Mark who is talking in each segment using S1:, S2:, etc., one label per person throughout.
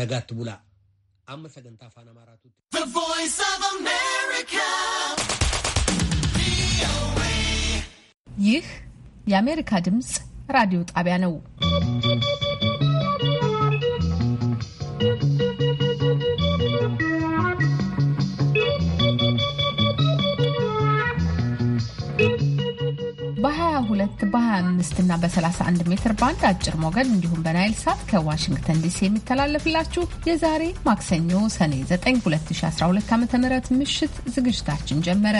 S1: ነጋት ቡላ አመሰገንታ አፋን አማራቱ ይህ የአሜሪካ ድምፅ ራዲዮ ጣቢያ ነው። በ22 በ25 እና በ31 ሜትር ባንድ አጭር ሞገድ እንዲሁም በናይል ሳት ከዋሽንግተን ዲሲ የሚተላለፍላችሁ የዛሬ ማክሰኞ ሰኔ 9 2012 ዓ ም ምሽት ዝግጅታችን
S2: ጀመረ።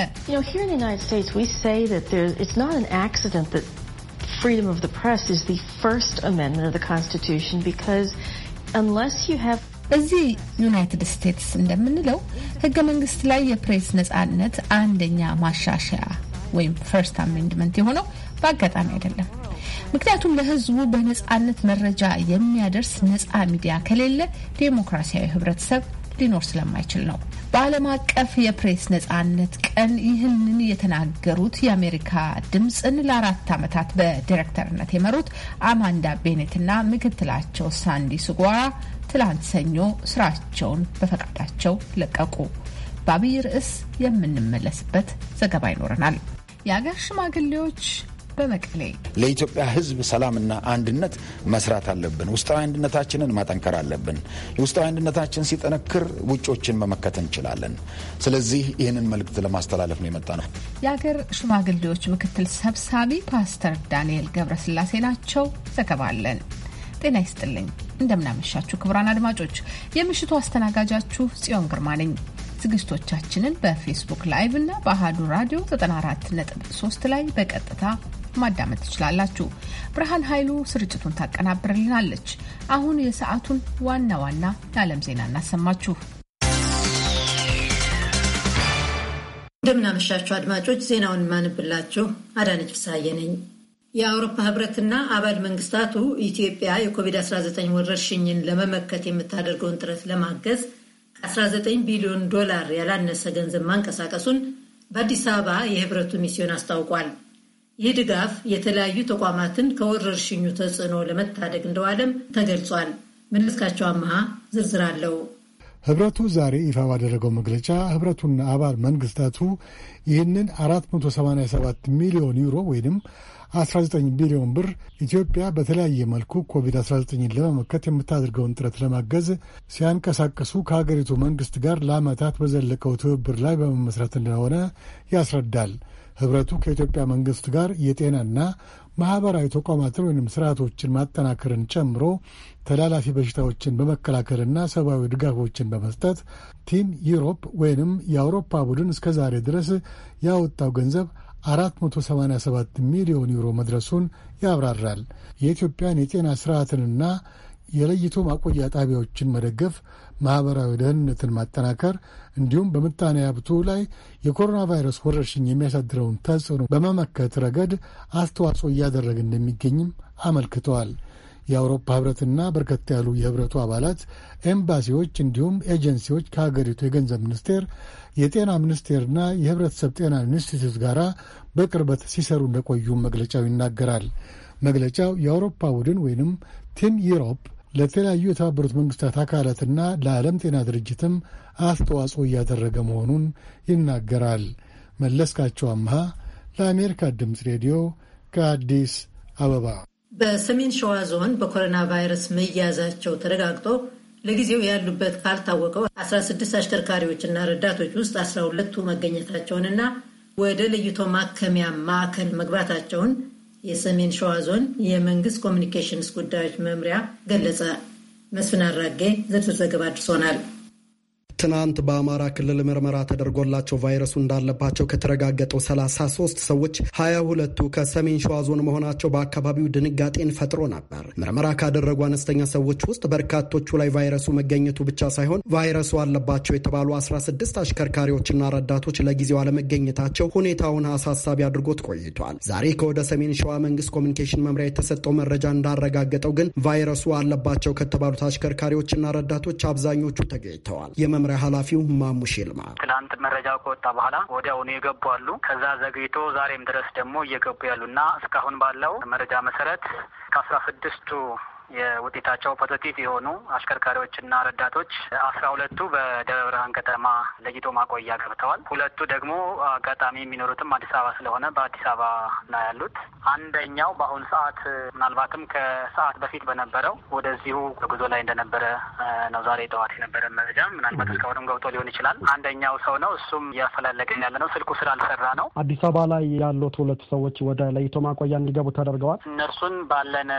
S2: freedom of the press is the first amendment of the Constitution because unless you
S1: have እዚህ ዩናይትድ ስቴትስ እንደምንለው ህገ መንግስት ላይ የፕሬስ ነጻነት አንደኛ ማሻሻያ ወይም ፈርስት አሜንድመንት የሆነው በአጋጣሚ አይደለም። ምክንያቱም ለህዝቡ በነጻነት መረጃ የሚያደርስ ነጻ ሚዲያ ከሌለ ዴሞክራሲያዊ ህብረተሰብ ሊኖር ስለማይችል ነው። በዓለም አቀፍ የፕሬስ ነጻነት ቀን ይህንን የተናገሩት የአሜሪካ ድምፅን ለአራት ዓመታት በዲሬክተርነት የመሩት አማንዳ ቤኔትና ምክትላቸው ሳንዲ ስጓራ ትላንት ሰኞ ስራቸውን በፈቃዳቸው ለቀቁ። በአብይ ርዕስ የምንመለስበት ዘገባ ይኖረናል። የአገር ሽማግሌዎች በመቀሌ ለኢትዮጵያ
S3: ሕዝብ ሰላምና አንድነት መስራት አለብን። ውስጣዊ አንድነታችንን ማጠንከር አለብን። ውስጣዊ አንድነታችን ሲጠነክር ውጮችን መመከት እንችላለን። ስለዚህ ይህንን መልእክት
S1: ለማስተላለፍ ነው የመጣ ነው። የአገር ሽማግሌዎች ምክትል ሰብሳቢ ፓስተር ዳንኤል ገብረስላሴ ናቸው። ዘገባለን። ጤና ይስጥልኝ። እንደምናመሻችሁ ክቡራን አድማጮች፣ የምሽቱ አስተናጋጃችሁ ጽዮን ግርማ ነኝ። ዝግጅቶቻችንን በፌስቡክ ላይቭ እና በአህዱ ራዲዮ 94.3 ላይ በቀጥታ ማዳመጥ ትችላላችሁ። ብርሃን ኃይሉ ስርጭቱን ታቀናብርልናለች። አሁን የሰዓቱን ዋና ዋና የዓለም ዜና እናሰማችሁ።
S4: እንደምናመሻችሁ አድማጮች፣ ዜናውን ማንብላችሁ አዳነች ፍስሐዬ ነኝ። የአውሮፓ ህብረትና አባል መንግስታቱ ኢትዮጵያ የኮቪድ-19 ወረርሽኝን ለመመከት የምታደርገውን ጥረት ለማገዝ ከ19 ቢሊዮን ዶላር ያላነሰ ገንዘብ ማንቀሳቀሱን በአዲስ አበባ የህብረቱ ሚስዮን አስታውቋል። ይህ ድጋፍ የተለያዩ ተቋማትን ከወረርሽኙ ተጽዕኖ ለመታደግ እንደዋለም ተገልጿል። መለስካቸው አመሃ ዝርዝር አለው።
S5: ህብረቱ ዛሬ ይፋ ባደረገው መግለጫ ህብረቱና አባል መንግስታቱ ይህንን 487 ሚሊዮን ዩሮ ወይም 19 ቢሊዮን ብር ኢትዮጵያ በተለያየ መልኩ ኮቪድ-19ን ለመመከት የምታደርገውን ጥረት ለማገዝ ሲያንቀሳቀሱ ከሀገሪቱ መንግስት ጋር ለዓመታት በዘለቀው ትብብር ላይ በመመስረት እንደሆነ ያስረዳል። ህብረቱ ከኢትዮጵያ መንግስት ጋር የጤናና ማኅበራዊ ተቋማትን ወይም ስርዓቶችን ማጠናከርን ጨምሮ ተላላፊ በሽታዎችን በመከላከልና ሰብአዊ ድጋፎችን በመስጠት ቲም ዩሮፕ ወይንም የአውሮፓ ቡድን እስከ ዛሬ ድረስ ያወጣው ገንዘብ 487 ሚሊዮን ዩሮ መድረሱን ያብራራል። የኢትዮጵያን የጤና ስርዓትንና የለይቶ ማቆያ ጣቢያዎችን መደገፍ ማኅበራዊ ደህንነትን ማጠናከር እንዲሁም በምጣኔ ሀብቱ ላይ የኮሮና ቫይረስ ወረርሽኝ የሚያሳድረውን ተጽዕኖ በመመከት ረገድ አስተዋጽኦ እያደረገ እንደሚገኝም አመልክተዋል። የአውሮፓ ህብረትና በርከት ያሉ የህብረቱ አባላት ኤምባሲዎች፣ እንዲሁም ኤጀንሲዎች ከሀገሪቱ የገንዘብ ሚኒስቴር፣ የጤና ሚኒስቴርና የህብረተሰብ ጤና ኢንስቲትዩት ጋር በቅርበት ሲሰሩ እንደቆዩም መግለጫው ይናገራል። መግለጫው የአውሮፓ ቡድን ወይንም ቲም ዩሮፕ ለተለያዩ የተባበሩት መንግስታት አካላትና ለዓለም ጤና ድርጅትም አስተዋጽኦ እያደረገ መሆኑን ይናገራል። መለስካቸው አምሃ ለአሜሪካ ድምፅ ሬዲዮ ከአዲስ አበባ።
S4: በሰሜን ሸዋ ዞን በኮሮና ቫይረስ መያዛቸው ተረጋግጦ ለጊዜው ያሉበት ካልታወቀው 16 አሽከርካሪዎችና ረዳቶች ውስጥ 12ቱ መገኘታቸውንና ወደ ለይቶ ማከሚያ ማዕከል መግባታቸውን የሰሜን ሸዋ ዞን የመንግስት ኮሚኒኬሽንስ ጉዳዮች መምሪያ ገለጸ። መስፍን አራጌ ዝርዝር ዘገባ አድርሶናል።
S6: ትናንት በአማራ ክልል ምርመራ ተደርጎላቸው ቫይረሱ እንዳለባቸው ከተረጋገጠው 33 ሰዎች 22ቱ ከሰሜን ሸዋ ዞን መሆናቸው በአካባቢው ድንጋጤን ፈጥሮ ነበር። ምርመራ ካደረጉ አነስተኛ ሰዎች ውስጥ በርካቶቹ ላይ ቫይረሱ መገኘቱ ብቻ ሳይሆን ቫይረሱ አለባቸው የተባሉ 16 አሽከርካሪዎችና ረዳቶች ለጊዜው አለመገኘታቸው ሁኔታውን አሳሳቢ አድርጎት ቆይቷል። ዛሬ ከወደ ሰሜን ሸዋ መንግስት ኮሚኒኬሽን መምሪያ የተሰጠው መረጃ እንዳረጋገጠው ግን ቫይረሱ አለባቸው ከተባሉት አሽከርካሪዎችና ረዳቶች አብዛኞቹ ተገኝተዋል። መምሪያ ኃላፊው ማሙሽ ልማ ትላንት መረጃው ከወጣ በኋላ ወዲያውኑ የገቡ አሉ። ከዛ ዘግይቶ
S7: ዛሬም ድረስ ደግሞ እየገቡ ያሉ እና እስካሁን ባለው መረጃ
S8: መሰረት ከአስራ ስድስቱ የውጤታቸው ፖዘቲቭ የሆኑ አሽከርካሪዎችና ረዳቶች አስራ ሁለቱ በደብረ ብርሃን ከተማ ለይቶ ማቆያ ገብተዋል። ሁለቱ ደግሞ
S6: አጋጣሚ የሚኖሩትም አዲስ አበባ ስለሆነ በአዲስ አበባ ነው ያሉት። አንደኛው በአሁኑ ሰዓት
S8: ምናልባትም ከሰዓት በፊት በነበረው ወደዚሁ ጉዞ ላይ እንደነበረ ነው ዛሬ ጠዋት የነበረ መረጃ። ምናልባት እስካሁንም ገብቶ ሊሆን ይችላል። አንደኛው ሰው ነው፣ እሱም እያፈላለገን ያለ ነው። ስልኩ ስላልሰራ ነው።
S6: አዲስ አበባ ላይ ያሉት ሁለቱ ሰዎች ወደ ለይቶ ማቆያ እንዲገቡ ተደርገዋል።
S8: እነርሱን ባለን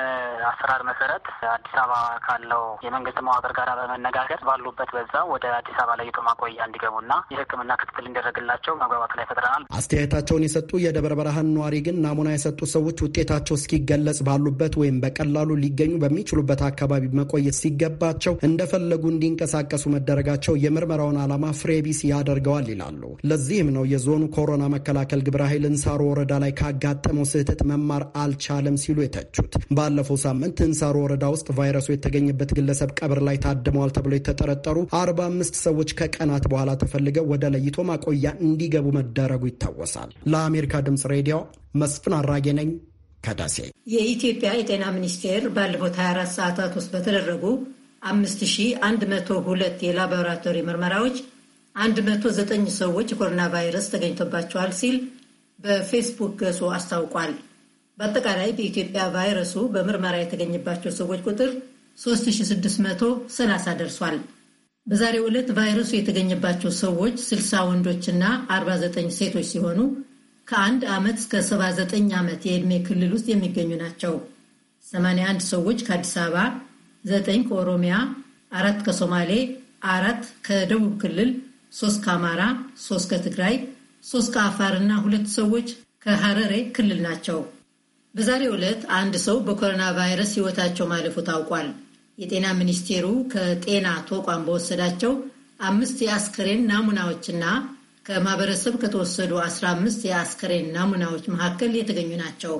S8: አሰራር መሰረት በመውጣት አዲስ አበባ ካለው የመንግስት መዋቅር ጋር በመነጋገር ባሉበት በዛ ወደ አዲስ አበባ ለይቶ ማቆያ እንዲገቡና የህክምና ክትትል እንዲደረግላቸው መግባባት
S9: ላይ
S6: ፈጥረናል። አስተያየታቸውን የሰጡ የደብረ ብርሃን ነዋሪ ግን ናሙና የሰጡ ሰዎች ውጤታቸው እስኪገለጽ ባሉበት ወይም በቀላሉ ሊገኙ በሚችሉበት አካባቢ መቆየት ሲገባቸው እንደፈለጉ እንዲንቀሳቀሱ መደረጋቸው የምርመራውን ዓላማ ፍሬቢስ ያደርገዋል ይላሉ። ለዚህም ነው የዞኑ ኮሮና መከላከል ግብረ ኃይል እንሳሮ ወረዳ ላይ ካጋጠመው ስህተት መማር አልቻለም ሲሉ የተቹት። ባለፈው ሳምንት እንሳሮ ወረዳ ውስጥ ቫይረሱ የተገኘበት ግለሰብ ቀብር ላይ ታድመዋል ተብሎ የተጠረጠሩ አርባ አምስት ሰዎች ከቀናት በኋላ ተፈልገው ወደ ለይቶ ማቆያ እንዲገቡ መደረጉ ይታወሳል። ለአሜሪካ ድምፅ ሬዲዮ መስፍን አራጌ ነኝ ከደሴ።
S4: የኢትዮጵያ የጤና ሚኒስቴር ባለፉት 24 ሰዓታት ውስጥ በተደረጉ 5102 የላቦራቶሪ ምርመራዎች 109 ሰዎች የኮሮና ቫይረስ ተገኝቶባቸዋል ሲል በፌስቡክ ገጹ አስታውቋል። በአጠቃላይ በኢትዮጵያ ቫይረሱ በምርመራ የተገኘባቸው ሰዎች ቁጥር 3630 ደርሷል። በዛሬው ዕለት ቫይረሱ የተገኘባቸው ሰዎች 60 ወንዶችና 49 ሴቶች ሲሆኑ ከአንድ ዓመት እስከ 79 ዓመት የዕድሜ ክልል ውስጥ የሚገኙ ናቸው። 81 ሰዎች ከአዲስ አበባ፣ 9 ከኦሮሚያ፣ አራት ከሶማሌ፣ አራት ከደቡብ ክልል፣ 3 ከአማራ፣ 3 ከትግራይ፣ 3 ከአፋር እና ሁለት ሰዎች ከሐረሬ ክልል ናቸው። በዛሬ ዕለት አንድ ሰው በኮሮና ቫይረስ ሕይወታቸው ማለፉ ታውቋል። የጤና ሚኒስቴሩ ከጤና ተቋም በወሰዳቸው አምስት የአስከሬን ናሙናዎችና ከማህበረሰብ ከተወሰዱ 15 የአስከሬን ናሙናዎች መካከል የተገኙ ናቸው።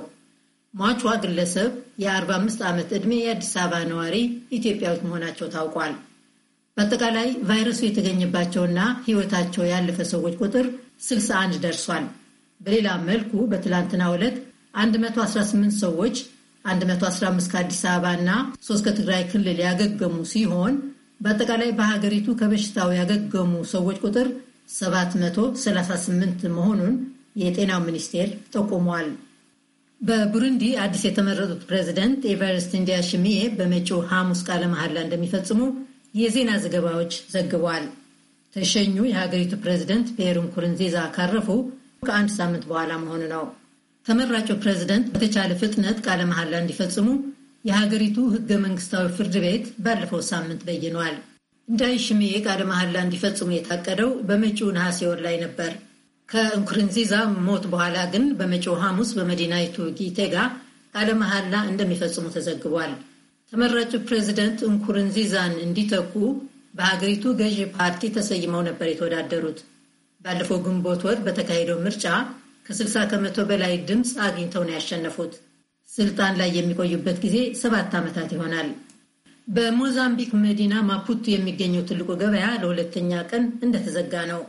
S4: ሟቿ ግለሰብ የ45 ዓመት ዕድሜ የአዲስ አበባ ነዋሪ ኢትዮጵያዊት መሆናቸው ታውቋል። በአጠቃላይ ቫይረሱ የተገኘባቸውና ሕይወታቸው ያለፈ ሰዎች ቁጥር 61 ደርሷል። በሌላ መልኩ በትላንትናው ዕለት 118 ሰዎች 115 ከአዲስ አበባ እና 3 ከትግራይ ክልል ያገገሙ ሲሆን በአጠቃላይ በሀገሪቱ ከበሽታው ያገገሙ ሰዎች ቁጥር 738 መሆኑን የጤናው ሚኒስቴር ጠቁሟል። በቡሩንዲ አዲስ የተመረጡት ፕሬዚደንት ኤቨርስት ሽሜ በመጪው ሐሙስ ቃለ መሐላ እንደሚፈጽሙ የዜና ዘገባዎች ዘግቧል። ተሸኙ የሀገሪቱ ፕሬዚደንት ፔሩን ኩርንዜዛ ካረፉ ከአንድ ሳምንት በኋላ መሆኑ ነው። ተመራጩ ፕሬዝደንት በተቻለ ፍጥነት ቃለ መሐላ እንዲፈጽሙ የሀገሪቱ ህገ መንግስታዊ ፍርድ ቤት ባለፈው ሳምንት በይኗል። እንዳይሽሜ ቃለ መሐላ እንዲፈጽሙ የታቀደው በመጪው ነሐሴ ወር ላይ ነበር። ከእንኩርንዚዛ ሞት በኋላ ግን በመጪው ሐሙስ በመዲናይቱ ጊቴጋ ቃለ መሐላ እንደሚፈጽሙ ተዘግቧል። ተመራጩ ፕሬዚደንት እንኩርንዚዛን እንዲተኩ በሀገሪቱ ገዢ ፓርቲ ተሰይመው ነበር የተወዳደሩት። ባለፈው ግንቦት ወር በተካሄደው ምርጫ ከ60 ከመቶ በላይ ድምፅ አግኝተው ነው ያሸነፉት። ስልጣን ላይ የሚቆዩበት ጊዜ ሰባት ዓመታት ይሆናል። በሞዛምቢክ መዲና ማፑቱ የሚገኘው ትልቁ ገበያ ለሁለተኛ ቀን እንደተዘጋ ነው።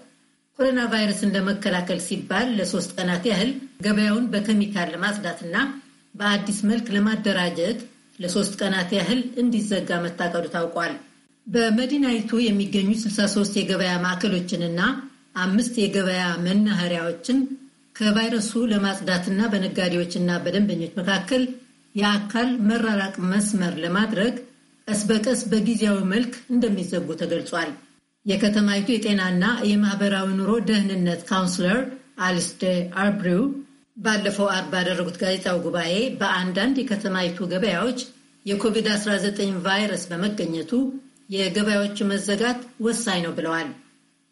S4: ኮሮና ቫይረስን ለመከላከል ሲባል ለሶስት ቀናት ያህል ገበያውን በኬሚካል ለማጽዳትና በአዲስ መልክ ለማደራጀት ለሶስት ቀናት ያህል እንዲዘጋ መታቀዱ ታውቋል። በመዲናይቱ የሚገኙ 63 የገበያ ማዕከሎችንና አምስት የገበያ መናኸሪያዎችን ከቫይረሱ ለማጽዳትና በነጋዴዎችና በደንበኞች መካከል የአካል መራራቅ መስመር ለማድረግ ቀስ በቀስ በጊዜያዊ መልክ እንደሚዘጉ ተገልጿል። የከተማይቱ የጤናና የማህበራዊ ኑሮ ደህንነት ካውንስለር አሊስደ አርብሪው ባለፈው አርብ ባደረጉት ጋዜጣዊ ጉባኤ በአንዳንድ የከተማይቱ ገበያዎች የኮቪድ-19 ቫይረስ በመገኘቱ የገበያዎቹ መዘጋት ወሳኝ ነው ብለዋል።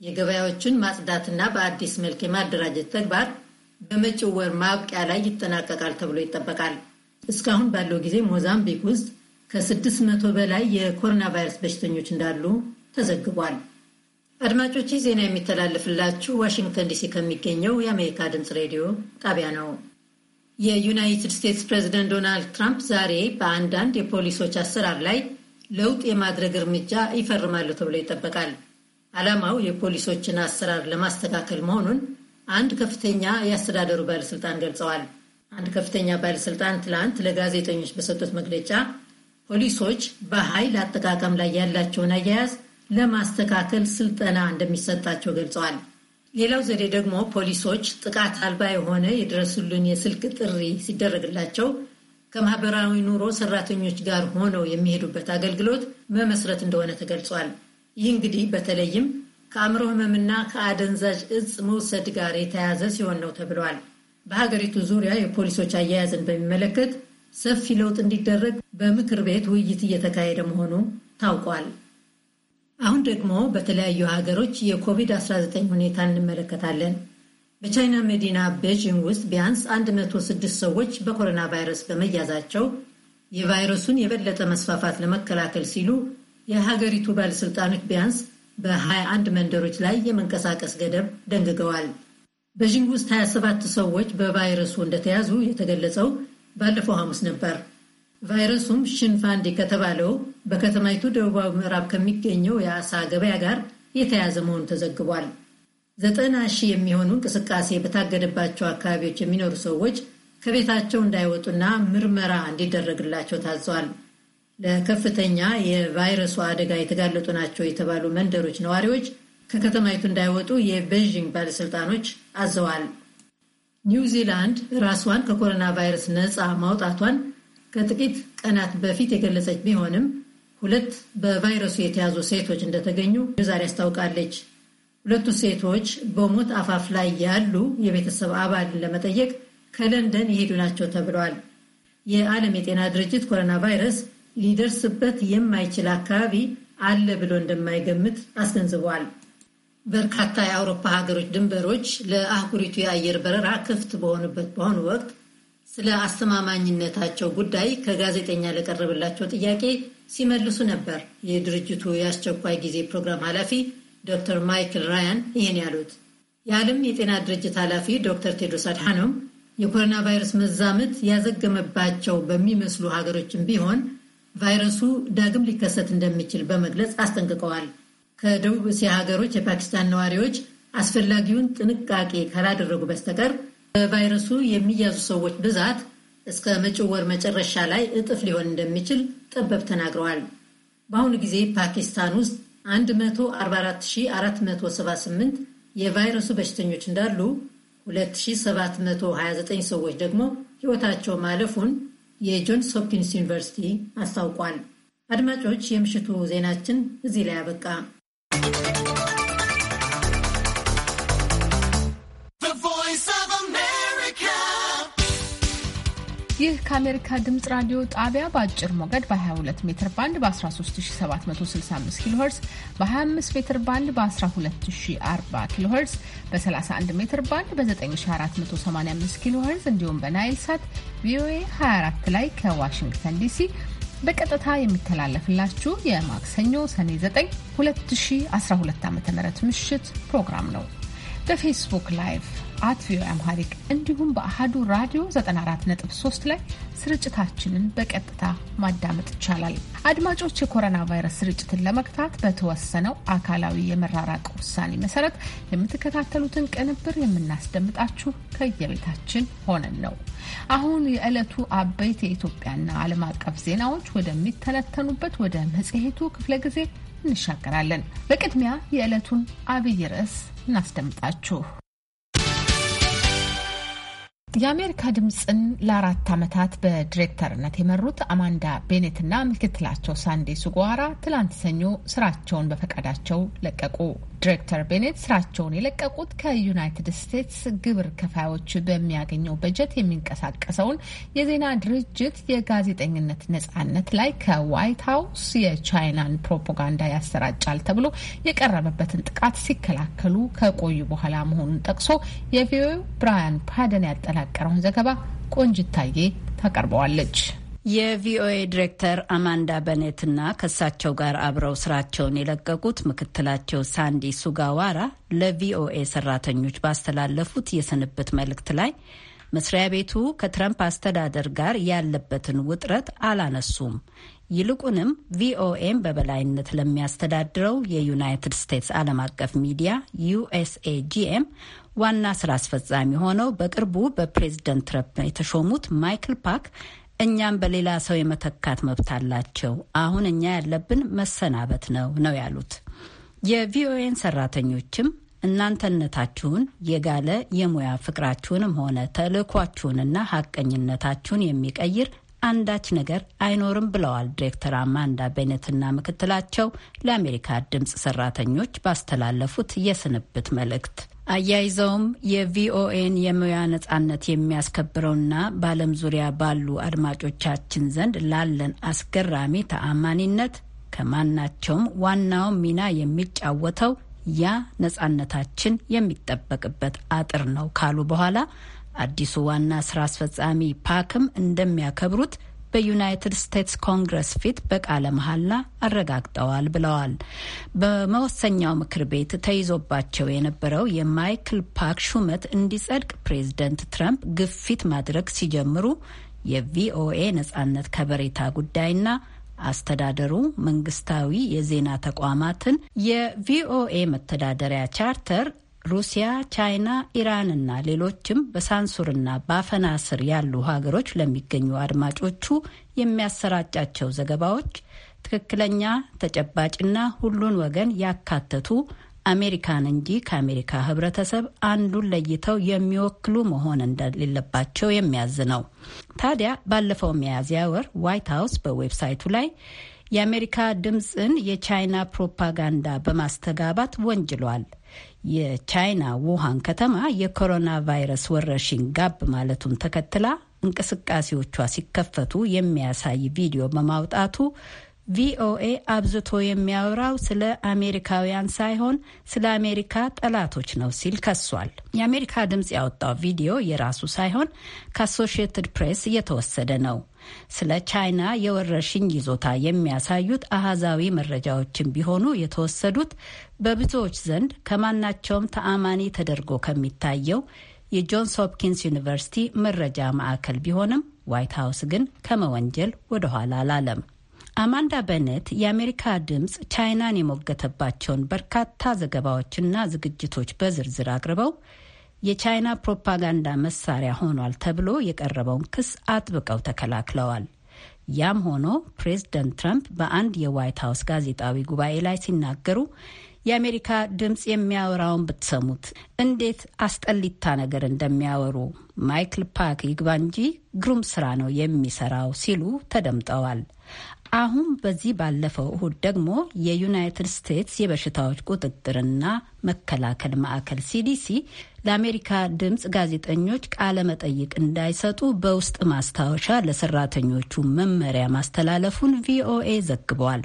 S4: የገበያዎችን ማጽዳትና በአዲስ መልክ የማደራጀት ተግባር በመጪው ወር ማብቂያ ላይ ይጠናቀቃል ተብሎ ይጠበቃል። እስካሁን ባለው ጊዜ ሞዛምቢክ ውስጥ ከ600 በላይ የኮሮና ቫይረስ በሽተኞች እንዳሉ ተዘግቧል። አድማጮች ዜና የሚተላለፍላችሁ ዋሽንግተን ዲሲ ከሚገኘው የአሜሪካ ድምፅ ሬዲዮ ጣቢያ ነው። የዩናይትድ ስቴትስ ፕሬዚደንት ዶናልድ ትራምፕ ዛሬ በአንዳንድ የፖሊሶች አሰራር ላይ ለውጥ የማድረግ እርምጃ ይፈርማሉ ተብሎ ይጠበቃል። ዓላማው የፖሊሶችን አሰራር ለማስተካከል መሆኑን አንድ ከፍተኛ የአስተዳደሩ ባለስልጣን ገልጸዋል። አንድ ከፍተኛ ባለስልጣን ትላንት ለጋዜጠኞች በሰጡት መግለጫ ፖሊሶች በኃይል አጠቃቀም ላይ ያላቸውን አያያዝ ለማስተካከል ስልጠና እንደሚሰጣቸው ገልጸዋል። ሌላው ዘዴ ደግሞ ፖሊሶች ጥቃት አልባ የሆነ የድረሱልን የስልክ ጥሪ ሲደረግላቸው ከማህበራዊ ኑሮ ሰራተኞች ጋር ሆነው የሚሄዱበት አገልግሎት መመስረት እንደሆነ ተገልጿል። ይህ እንግዲህ በተለይም ከአእምሮ ህመምና ከአደንዛዥ እጽ መውሰድ ጋር የተያያዘ ሲሆን ነው ተብሏል። በሀገሪቱ ዙሪያ የፖሊሶች አያያዝን በሚመለከት ሰፊ ለውጥ እንዲደረግ በምክር ቤት ውይይት እየተካሄደ መሆኑ ታውቋል። አሁን ደግሞ በተለያዩ ሀገሮች የኮቪድ-19 ሁኔታ እንመለከታለን። በቻይና መዲና ቤጂንግ ውስጥ ቢያንስ 106 ሰዎች በኮሮና ቫይረስ በመያዛቸው የቫይረሱን የበለጠ መስፋፋት ለመከላከል ሲሉ የሀገሪቱ ባለሥልጣኖች ቢያንስ በ21 መንደሮች ላይ የመንቀሳቀስ ገደብ ደንግገዋል። ቤጂንግ ውስጥ 27 ሰዎች በቫይረሱ እንደተያዙ የተገለጸው ባለፈው ሐሙስ ነበር። ቫይረሱም ሽንፋንዲ ከተባለው በከተማይቱ ደቡባዊ ምዕራብ ከሚገኘው የአሳ ገበያ ጋር የተያዘ መሆኑ ተዘግቧል። ዘጠና ሺህ የሚሆኑ እንቅስቃሴ በታገደባቸው አካባቢዎች የሚኖሩ ሰዎች ከቤታቸው እንዳይወጡና ምርመራ እንዲደረግላቸው ታዘዋል። ለከፍተኛ የቫይረሱ አደጋ የተጋለጡ ናቸው የተባሉ መንደሮች ነዋሪዎች ከከተማይቱ እንዳይወጡ የቤዥንግ ባለሥልጣኖች አዘዋል። ኒውዚላንድ ራሷን ከኮሮና ቫይረስ ነፃ ማውጣቷን ከጥቂት ቀናት በፊት የገለጸች ቢሆንም ሁለት በቫይረሱ የተያዙ ሴቶች እንደተገኙ ዛሬ አስታውቃለች። ሁለቱ ሴቶች በሞት አፋፍ ላይ ያሉ የቤተሰብ አባልን ለመጠየቅ ከለንደን የሄዱ ናቸው ተብለዋል። የዓለም የጤና ድርጅት ኮሮና ቫይረስ ሊደርስበት የማይችል አካባቢ አለ ብሎ እንደማይገምት አስገንዝበዋል። በርካታ የአውሮፓ ሀገሮች ድንበሮች ለአህጉሪቱ የአየር በረራ ክፍት በሆኑበት በአሁኑ ወቅት ስለ አስተማማኝነታቸው ጉዳይ ከጋዜጠኛ ለቀረበላቸው ጥያቄ ሲመልሱ ነበር። የድርጅቱ የአስቸኳይ ጊዜ ፕሮግራም ኃላፊ ዶክተር ማይክል ራያን ይህን ያሉት የዓለም የጤና ድርጅት ኃላፊ ዶክተር ቴድሮስ አድሓኖም የኮሮና ቫይረስ መዛመት ያዘገመባቸው በሚመስሉ ሀገሮችም ቢሆን ቫይረሱ ዳግም ሊከሰት እንደሚችል በመግለጽ አስጠንቅቀዋል። ከደቡብ እስያ ሀገሮች የፓኪስታን ነዋሪዎች አስፈላጊውን ጥንቃቄ ካላደረጉ በስተቀር በቫይረሱ የሚያዙ ሰዎች ብዛት እስከ መጪው ወር መጨረሻ ላይ እጥፍ ሊሆን እንደሚችል ጠበብ ተናግረዋል። በአሁኑ ጊዜ ፓኪስታን ውስጥ 144478 የቫይረሱ በሽተኞች እንዳሉ 2729 ሰዎች ደግሞ ሕይወታቸው ማለፉን የጆንስ ሆፕኪንስ ዩኒቨርሲቲ አስታውቋል። አድማጮች፣ የምሽቱ ዜናችን እዚህ ላይ አበቃ።
S1: ይህ ከአሜሪካ ድምጽ ራዲዮ ጣቢያ በአጭር ሞገድ በ22 ሜትር ባንድ በ13765 ኪሎ ሄርዝ በ25 ሜትር ባንድ በ1240 ኪሎ ሄርዝ በ31 ሜትር ባንድ በ9485 ኪሎ ሄርዝ እንዲሁም በናይል ሳት ቪኦኤ 24 ላይ ከዋሽንግተን ዲሲ በቀጥታ የሚተላለፍላችሁ የማክሰኞ ሰኔ 9 2012 ዓ ም ምሽት ፕሮግራም ነው። በፌስቡክ ላይቭ አት ቪኦኤ አምሃሪክ እንዲሁም በአህዱ ራዲዮ 94.3 ላይ ስርጭታችንን በቀጥታ ማዳመጥ ይቻላል። አድማጮች፣ የኮሮና ቫይረስ ስርጭትን ለመግታት በተወሰነው አካላዊ የመራራቅ ውሳኔ መሰረት የምትከታተሉትን ቅንብር የምናስደምጣችሁ ከየቤታችን ሆነን ነው። አሁን የዕለቱ አበይት የኢትዮጵያና ዓለም አቀፍ ዜናዎች ወደሚተነተኑበት ወደ መጽሔቱ ክፍለ ጊዜ እንሻገራለን። በቅድሚያ የዕለቱን አብይ ርዕስ እናስደምጣችሁ። የአሜሪካ ድምፅን ለአራት ዓመታት በዲሬክተርነት የመሩት አማንዳ ቤኔትና ምክትላቸው ሳንዴ ሱጓራ ትላንት ሰኞ ስራቸውን በፈቃዳቸው ለቀቁ። ዲሬክተር ቤኔት ስራቸውን የለቀቁት ከዩናይትድ ስቴትስ ግብር ከፋዮች በሚያገኘው በጀት የሚንቀሳቀሰውን የዜና ድርጅት የጋዜጠኝነት ነጻነት ላይ ከዋይት ሀውስ የቻይናን ፕሮፓጋንዳ ያሰራጫል ተብሎ የቀረበበትን ጥቃት ሲከላከሉ ከቆዩ በኋላ መሆኑን ጠቅሶ የቪኦኤው ብራያን ፓደን ያጠናቀረውን ዘገባ ቆንጅታዬ ታቀርበዋለች።
S8: የቪኦኤ ዲሬክተር አማንዳ በኔትና ከእሳቸው ጋር አብረው ስራቸውን የለቀቁት ምክትላቸው ሳንዲ ሱጋዋራ ለቪኦኤ ሰራተኞች ባስተላለፉት የስንብት መልእክት ላይ መስሪያ ቤቱ ከትረምፕ አስተዳደር ጋር ያለበትን ውጥረት አላነሱም። ይልቁንም ቪኦኤም በበላይነት ለሚያስተዳድረው የዩናይትድ ስቴትስ ዓለም አቀፍ ሚዲያ ዩኤስኤጂኤም ዋና ስራ አስፈጻሚ ሆነው በቅርቡ በፕሬዝደንት ትረምፕ የተሾሙት ማይክል ፓክ እኛም በሌላ ሰው የመተካት መብት አላቸው። አሁን እኛ ያለብን መሰናበት ነው ነው ያሉት። የቪኦኤን ሰራተኞችም እናንተነታችሁን የጋለ የሙያ ፍቅራችሁንም ሆነ ተልእኳችሁንና ሀቀኝነታችሁን የሚቀይር አንዳች ነገር አይኖርም ብለዋል ዲሬክተር አማንዳ ቤኔትና ምክትላቸው ለአሜሪካ ድምፅ ሰራተኞች ባስተላለፉት የስንብት መልእክት። አያይዘውም የቪኦኤን የሙያ ነጻነት የሚያስከብረውና በዓለም ዙሪያ ባሉ አድማጮቻችን ዘንድ ላለን አስገራሚ ተአማኒነት ከማናቸውም ዋናው ሚና የሚጫወተው ያ ነጻነታችን የሚጠበቅበት አጥር ነው ካሉ በኋላ አዲሱ ዋና ስራ አስፈጻሚ ፓክም እንደሚያከብሩት በዩናይትድ ስቴትስ ኮንግረስ ፊት በቃለ መሐላ አረጋግጠዋል ብለዋል። በመወሰኛው ምክር ቤት ተይዞባቸው የነበረው የማይክል ፓክ ሹመት እንዲጸድቅ ፕሬዝደንት ትራምፕ ግፊት ማድረግ ሲጀምሩ የቪኦኤ ነጻነት ከበሬታ ጉዳይና አስተዳደሩ መንግስታዊ የዜና ተቋማትን የቪኦኤ መተዳደሪያ ቻርተር ሩሲያ፣ ቻይና፣ ኢራንና ሌሎችም በሳንሱርና በአፈና ስር ያሉ ሀገሮች ለሚገኙ አድማጮቹ የሚያሰራጫቸው ዘገባዎች ትክክለኛ ተጨባጭና ሁሉን ወገን ያካተቱ አሜሪካን እንጂ ከአሜሪካ ሕብረተሰብ አንዱን ለይተው የሚወክሉ መሆን እንደሌለባቸው የሚያዝ ነው። ታዲያ ባለፈው ሚያዝያ ወር ዋይት ሀውስ በዌብሳይቱ ላይ የአሜሪካ ድምፅን የቻይና ፕሮፓጋንዳ በማስተጋባት ወንጅሏል። የቻይና ውሃን ከተማ የኮሮና ቫይረስ ወረርሽኝ ጋብ ማለቱን ተከትላ እንቅስቃሴዎቿ ሲከፈቱ የሚያሳይ ቪዲዮ በማውጣቱ ቪኦኤ አብዝቶ የሚያወራው ስለ አሜሪካውያን ሳይሆን ስለ አሜሪካ ጠላቶች ነው ሲል ከሷል። የአሜሪካ ድምፅ ያወጣው ቪዲዮ የራሱ ሳይሆን ከአሶሽየትድ ፕሬስ እየተወሰደ ነው። ስለ ቻይና የወረርሽኝ ይዞታ የሚያሳዩት አሃዛዊ መረጃዎችን ቢሆኑ የተወሰዱት በብዙዎች ዘንድ ከማናቸውም ተአማኒ ተደርጎ ከሚታየው የጆንስ ሆፕኪንስ ዩኒቨርሲቲ መረጃ ማዕከል ቢሆንም ዋይት ሀውስ ግን ከመወንጀል ወደኋላ አላለም። አማንዳ በነት የአሜሪካ ድምፅ ቻይናን የሞገተባቸውን በርካታ ዘገባዎችና ዝግጅቶች በዝርዝር አቅርበው የቻይና ፕሮፓጋንዳ መሳሪያ ሆኗል ተብሎ የቀረበውን ክስ አጥብቀው ተከላክለዋል። ያም ሆኖ ፕሬዝደንት ትራምፕ በአንድ የዋይት ሀውስ ጋዜጣዊ ጉባኤ ላይ ሲናገሩ የአሜሪካ ድምፅ የሚያወራውን ብትሰሙት እንዴት አስጠሊታ ነገር እንደሚያወሩ ማይክል ፓክ ይግባ እንጂ ግሩም ስራ ነው የሚሰራው ሲሉ ተደምጠዋል። አሁን በዚህ ባለፈው እሁድ ደግሞ የዩናይትድ ስቴትስ የበሽታዎች ቁጥጥርና መከላከል ማዕከል ሲዲሲ ለአሜሪካ ድምፅ ጋዜጠኞች ቃለ መጠይቅ እንዳይሰጡ በውስጥ ማስታወሻ ለሰራተኞቹ መመሪያ ማስተላለፉን ቪኦኤ ዘግቧል።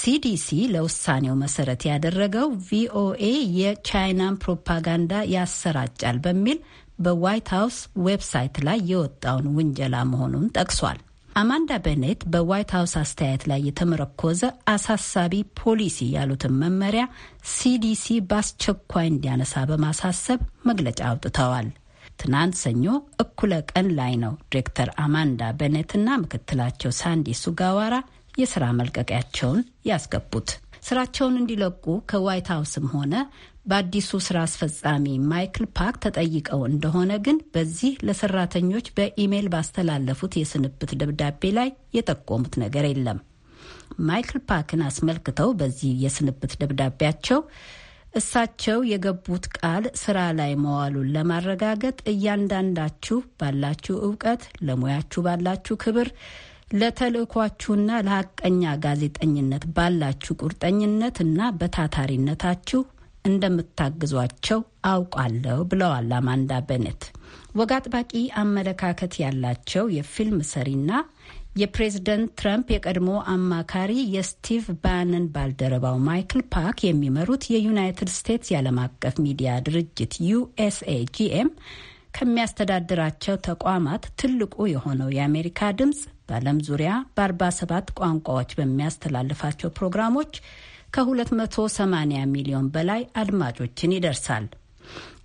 S8: ሲዲሲ ለውሳኔው መሰረት ያደረገው ቪኦኤ የቻይናን ፕሮፓጋንዳ ያሰራጫል በሚል በዋይት ሀውስ ዌብሳይት ላይ የወጣውን ውንጀላ መሆኑን ጠቅሷል። አማንዳ በኔት በዋይት ሀውስ አስተያየት ላይ የተመረኮዘ አሳሳቢ ፖሊሲ ያሉትን መመሪያ ሲዲሲ በአስቸኳይ እንዲያነሳ በማሳሰብ መግለጫ አውጥተዋል። ትናንት ሰኞ እኩለ ቀን ላይ ነው ዲሬክተር አማንዳ በኔትና ምክትላቸው ሳንዲ ሱጋዋራ የስራ መልቀቂያቸውን ያስገቡት። ስራቸውን እንዲለቁ ከዋይት ሀውስም ሆነ በአዲሱ ስራ አስፈጻሚ ማይክል ፓክ ተጠይቀው እንደሆነ ግን በዚህ ለሰራተኞች በኢሜይል ባስተላለፉት የስንብት ደብዳቤ ላይ የጠቆሙት ነገር የለም። ማይክል ፓክን አስመልክተው በዚህ የስንብት ደብዳቤያቸው እሳቸው የገቡት ቃል ስራ ላይ መዋሉን ለማረጋገጥ እያንዳንዳችሁ ባላችሁ እውቀት፣ ለሙያችሁ ባላችሁ ክብር፣ ለተልእኳችሁና ለሀቀኛ ጋዜጠኝነት ባላችሁ ቁርጠኝነት እና በታታሪነታችሁ እንደምታግዟቸው አውቃለሁ ብለዋል አማንዳ በኔት። ወግ አጥባቂ አመለካከት ያላቸው የፊልም ሰሪና የፕሬዝደንት ትራምፕ የቀድሞ አማካሪ የስቲቭ ባነን ባልደረባው ማይክል ፓክ የሚመሩት የዩናይትድ ስቴትስ የዓለም አቀፍ ሚዲያ ድርጅት ዩኤስኤጂኤም ከሚያስተዳድራቸው ተቋማት ትልቁ የሆነው የአሜሪካ ድምፅ በዓለም ዙሪያ በ47 ቋንቋዎች በሚያስተላልፋቸው ፕሮግራሞች ከ280 ሚሊዮን በላይ አድማጮችን ይደርሳል።